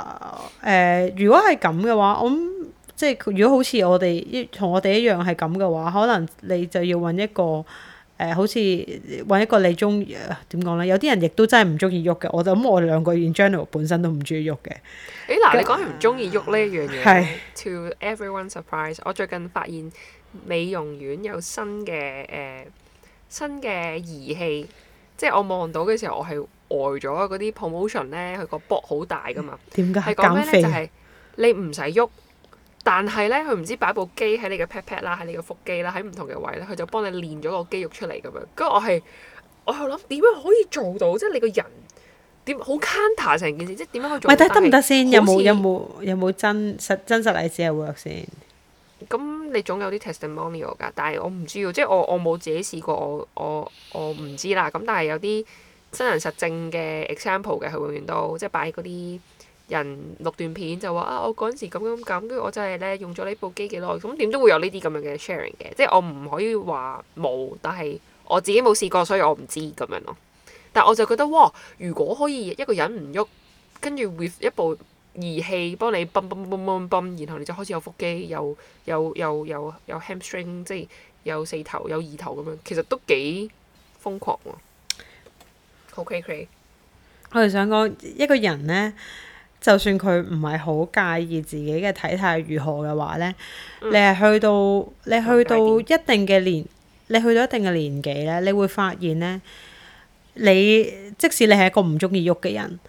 呃，如果係咁嘅話，我諗即係如果好似我哋一同我哋一樣係咁嘅話，可能你就要搵一個。誒、呃，好似揾一個你中意點講呢？有啲人亦都真係唔中意喐嘅。我就咁，我哋兩個 in general 本身都唔中意喐嘅。
誒、欸，嗱，你講完唔中意喐呢一樣嘢，to everyone surprise，我最近發現美容院有新嘅誒、呃、新嘅儀器，即係我望到嘅時候我，我係呆咗。嗰啲 promotion 咧，佢個 box 好大㗎嘛。點解？係講咩咧？肥就係你唔使喐。但係咧，佢唔知擺部機喺你嘅 pat pat 啦，喺你嘅腹肌啦，喺唔同嘅位咧，佢就幫你練咗個肌肉出嚟咁樣。跟住我係，我係諗點樣可以做到？即係你個人點好 counter 成件事，即係點樣可以做？唔係是，得唔得先？像有冇有
冇有冇真，真實真實例子啊？work 先。
咁你總有啲 testimonial 㗎，但係我唔知，即係我我冇自己試過，我我我唔知啦。咁但係有啲真人實證嘅 example 嘅，佢永遠都即係擺嗰啲。人錄段片就話啊，我嗰陣時咁咁咁，跟住我真係咧用咗呢部機幾耐，咁點都會有呢啲咁樣嘅 sharing 嘅，即係我唔可以話冇，但係我自己冇試過，所以我唔知咁樣咯。但係我就覺得哇，如果可以一個人唔喐，跟住 with 一部儀器幫你泵泵泵泵泵，然後你就開始有腹肌，有有有有有 hamstring，即係有四頭有二頭咁樣，其實都幾瘋狂喎。o、okay, Cray
我哋想講一個人呢，就算佢唔係好介意自己嘅體態如何嘅話呢、嗯、你係去到、嗯、你去到一定嘅年，嗯、你去到一定嘅年紀咧，你會發現咧，你即使你係一個唔中意喐嘅人，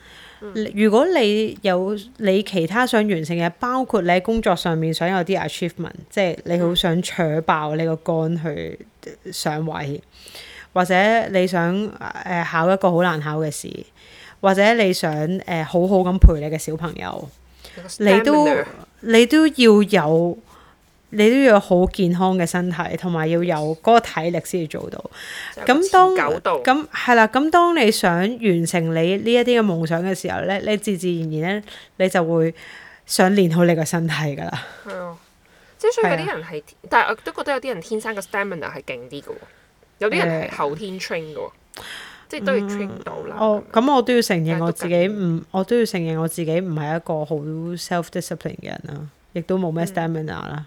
嗯、如果你有你其他想完成嘅，包括你喺工作上面想有啲 achievement，即係你好想扯爆你個肝去上位，嗯、或者你想誒、呃、考一個好難考嘅試。或者你想誒、呃、好好咁陪你嘅小朋友，你都也的你都要有，你都要有好健康嘅身體，同埋要有嗰個體力先至做到。咁當咁係啦，咁當你想完成你呢一啲嘅夢想嘅時候咧，你自自然然咧，你就會想練好你個身體噶啦。
係即係所以有啲人係，但係我都覺得有啲人天生個 stamina 係勁啲嘅，有啲人係後天 train 嘅。即係都要 train 到
啦。哦，咁我都要承認我自己唔，我都要承認我自己唔係一個好 self discipline 嘅人啦，亦都冇咩 stamina 啦。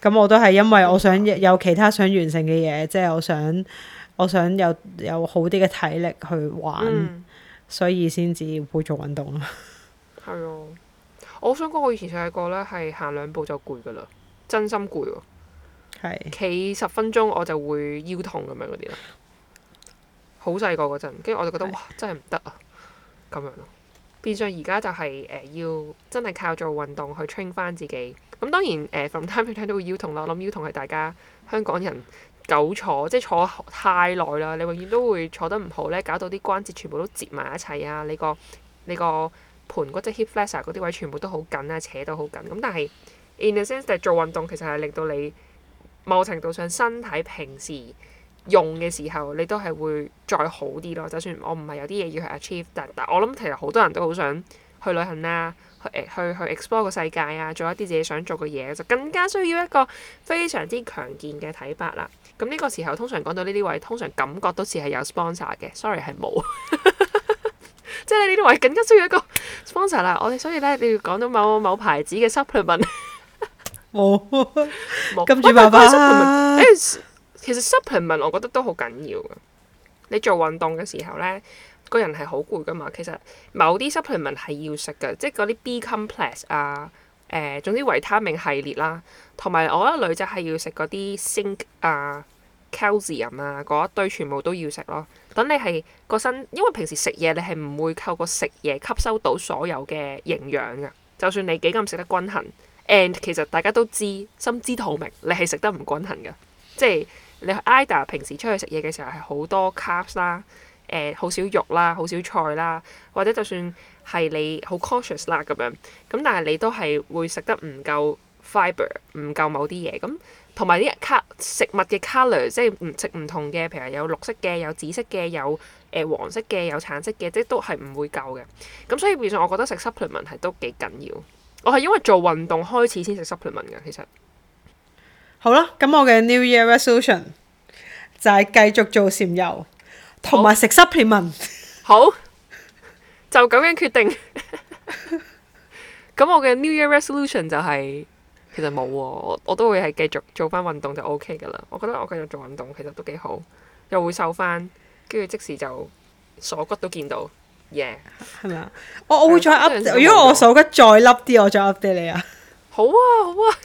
咁、嗯、我都係因為我想有其他想完成嘅嘢，即、就、係、是、我想我想有有好啲嘅體力去玩，嗯、所以先至會做運動咯。
係啊，我想講我以前細個咧，係行兩步就攰噶啦，真心攰喎。係的，企十分鐘我就會腰痛咁樣嗰啲啦。好細個嗰陣，跟住我就覺得對哇，真係唔得啊！咁樣咯，變相而家就係、是、誒、呃、要真係靠做運動去 train 翻自己。咁、嗯、當然誒，from time to time 都會腰痛啦。我諗腰痛係大家香港人久坐，即係坐太耐啦。你永遠都會坐得唔好咧，搞到啲關節全部都折埋一齊啊！你個你個盆骨即係 hip flexor 嗰啲位全部都好緊啊，扯到好緊。咁、嗯、但係 in a sense，就係做運動其實係令到你某程度上身體平時，用嘅時候，你都係會再好啲咯。就算我唔係有啲嘢要去 achieve，但但我諗其實好多人都好想去旅行啦、啊，去誒去去 explore 個世界啊，做一啲自己想做嘅嘢，就更加需要一個非常之強健嘅體魄啦。咁呢個時候，通常講到呢啲位，通常感覺都似係有 sponsor 嘅，sorry 係冇。 即係呢啲位更加需要一個 sponsor 啦。我哋所以咧，你要講到某某某牌子嘅 supplement，冇冇 跟住爸爸。 其實 supplement 我覺得都好緊要嘅。你做運動嘅時候呢，個人係好攰噶嘛。其實某啲 supplement 係要食嘅，即係嗰啲 B complex 啊，誒、呃，總之維他命系列啦，同埋我覺得女仔係要食嗰啲 zinc 啊、calcium 啊嗰一堆，全部都要食咯。等你係個身，因為平時食嘢你係唔會透過食嘢吸收到所有嘅營養嘅。就算你幾咁食得均衡，and 其實大家都知心知肚明，你係食得唔均衡嘅，即係。你 IDA 平時出去食嘢嘅時候係好多 carbs 啦、呃，誒好少肉啦，好少菜啦，或者就算係你好 cautious 啦咁樣，咁但係你都係會食得唔夠 fiber，唔夠某啲嘢咁，同埋啲 car 食物嘅 color，即係唔食唔同嘅，譬如有綠色嘅，有紫色嘅，有誒黃色嘅、呃，有橙色嘅，即都係唔會夠嘅。咁所以變相我覺得食 supplement 係都幾緊要。我係因為做運動開始先食 supplement 嘅，其實。
好啦，咁我嘅 New Year Resolution 就係繼續做禪游，同埋食 supplement。
好，就咁樣決定。咁我嘅 New Year Resolution 就係，其實冇喎，我我都會係繼續做翻運動就 OK 噶啦。我覺得我繼續做運動其實都幾好，又會瘦翻，跟住即時就鎖骨都見到，yeah，係咪啊？我我會再 update，如果我
鎖骨再凹啲，我再 update 畀你啊。
好啊，好啊。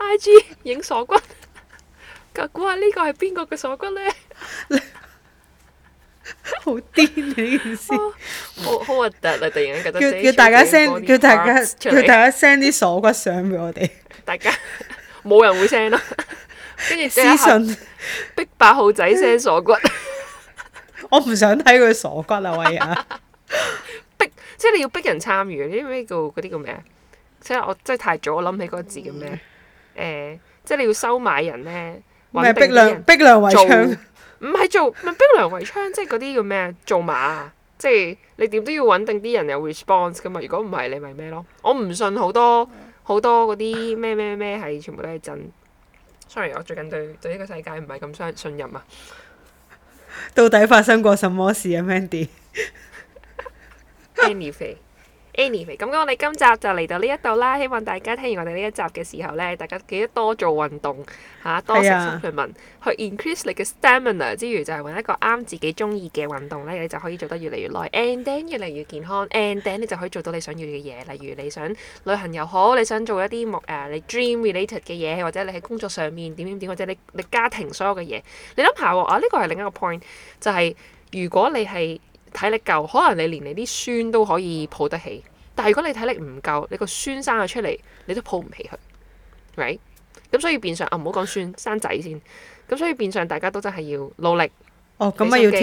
I.G. 影鎖骨，鎖骨，咁估下呢個係邊個嘅鎖骨咧？好癲呢件事！好核突，突然突然覺得叫大家 send 叫大家叫大家 send
啲鎖骨相俾我哋。
大家冇人會 send 咯，跟住私信逼八號仔 send 鎖骨。
我唔想睇佢鎖骨啊，喂！啊！
逼即係你要逼人參與，呢啲咩叫嗰啲叫咩啊？即係我真係太早，我諗起嗰個字叫咩？ 嗯誒、呃，即係你要收買人咧，咩逼良逼良為娼，唔係做唔係逼良為娼，即係嗰啲叫咩啊？做馬，即係你點都要穩定啲人有 response 噶嘛？如果唔係，你咪咩咯？我唔信好多好多嗰啲咩咩咩係全部都係真。Sorry，我最近對對呢個世界唔係咁相信任啊！
到底發生過什麼事啊，Mandy？
咁、anyway, 我哋今集就嚟到呢一度啦，希望大家聽完我哋呢一集嘅時候呢，大家記得多做運動，吓、啊、多食粗纖維，啊、去 increase 你嘅 stamina 之餘，就係、是、揾一個啱自己中意嘅運動呢，你就可以做得越嚟越耐，and then 越嚟越健康，and then 你就可以做到你想要嘅嘢，例如你想旅行又好，你想做一啲目誒你 dream related 嘅嘢，或者你喺工作上面點點點，或者你你家庭所有嘅嘢，你諗下，啊呢、這個係另一個 point，就係、是、如果你係體力夠，可能你連你啲孫都可以抱得起。但係如果你體力唔夠，你個孫生咗出嚟，你都抱唔起佢，right? 咁所以變相啊，唔好講孫，生仔先。咁所以變相大家都真係要努力。
哦，咁咪力要跳，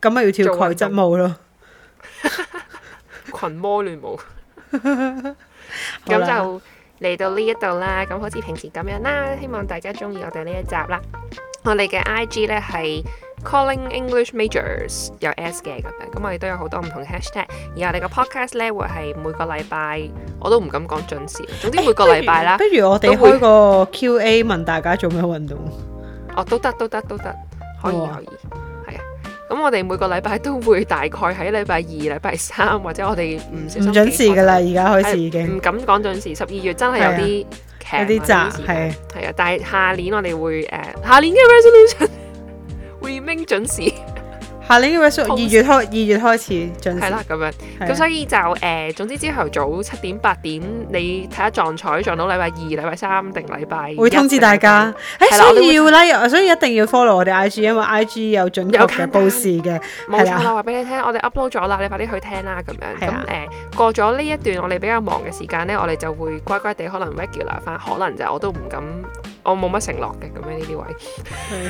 咁咪要跳氣質舞咯，
群 魔亂舞。咁就嚟到呢一度啦。咁好似平時咁樣啦。希望大家中意我哋呢一集啦。我哋嘅 I G 咧係。Calling English Majors 有 S 嘅咁樣，咁我哋都有好多唔同 hashtag。而我哋個 podcast 咧會係每個禮拜，我都唔敢講準時，總之每個禮拜啦。不如我哋開個
Q&A 問大家做咩運動？
哦，都得，都得，都得，可以，可
以，係
啊。咁我哋每個禮拜都會大概喺禮拜二、禮拜三，或者我哋唔小心唔準時
噶啦。而家開始已經唔敢
講準時。十二月真係有啲有啲雜，係係啊。但係下年我哋會誒，下年嘅 resolution。We m 會明準時，
下年嘅 w i 二月開斯二,二月開始準，係啦咁樣，咁的所以
就誒、呃，總之朝頭早七點八點，你睇下撞彩撞到禮拜二、禮拜三定禮拜，會通知大家。
誒個、欸，所以要 l 所以一定要 follow 我哋 IG，因為 IG 有進度嘅布事嘅，冇錯啦。
話俾的你聽，我哋 upload 咗啦，你快啲去聽啦。咁樣咁誒的、呃，過咗呢一段我哋比較忙嘅時間咧，我哋就會乖乖地可能 regular 翻，可能就我都唔敢。我冇乜承諾嘅咁樣呢啲位，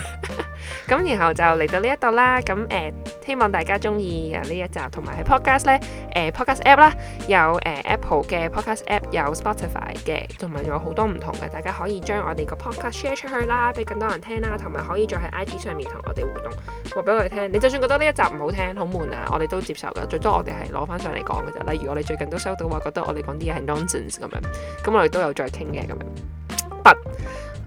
咁 然後就嚟到呢一度啦。咁誒、呃，希望大家中意啊呢一集，同埋喺 podcast 咧，誒、呃、podcast app 啦，有誒、呃、Apple 嘅 podcast app，有 Spotify 嘅，同埋有好多唔同嘅，大家可以將我哋個 podcast share 出去啦，俾更多人聽啦，同埋可以再喺 I G 上面同我哋互動，話俾我哋聽。你就算覺得呢一集唔好聽，好悶啊，我哋都接受噶，最多我哋係攞翻上嚟講嘅啫。例如我哋最近都收到話，覺得我哋講啲嘢係 nonsense 咁樣，咁我哋都有再傾嘅咁樣，But,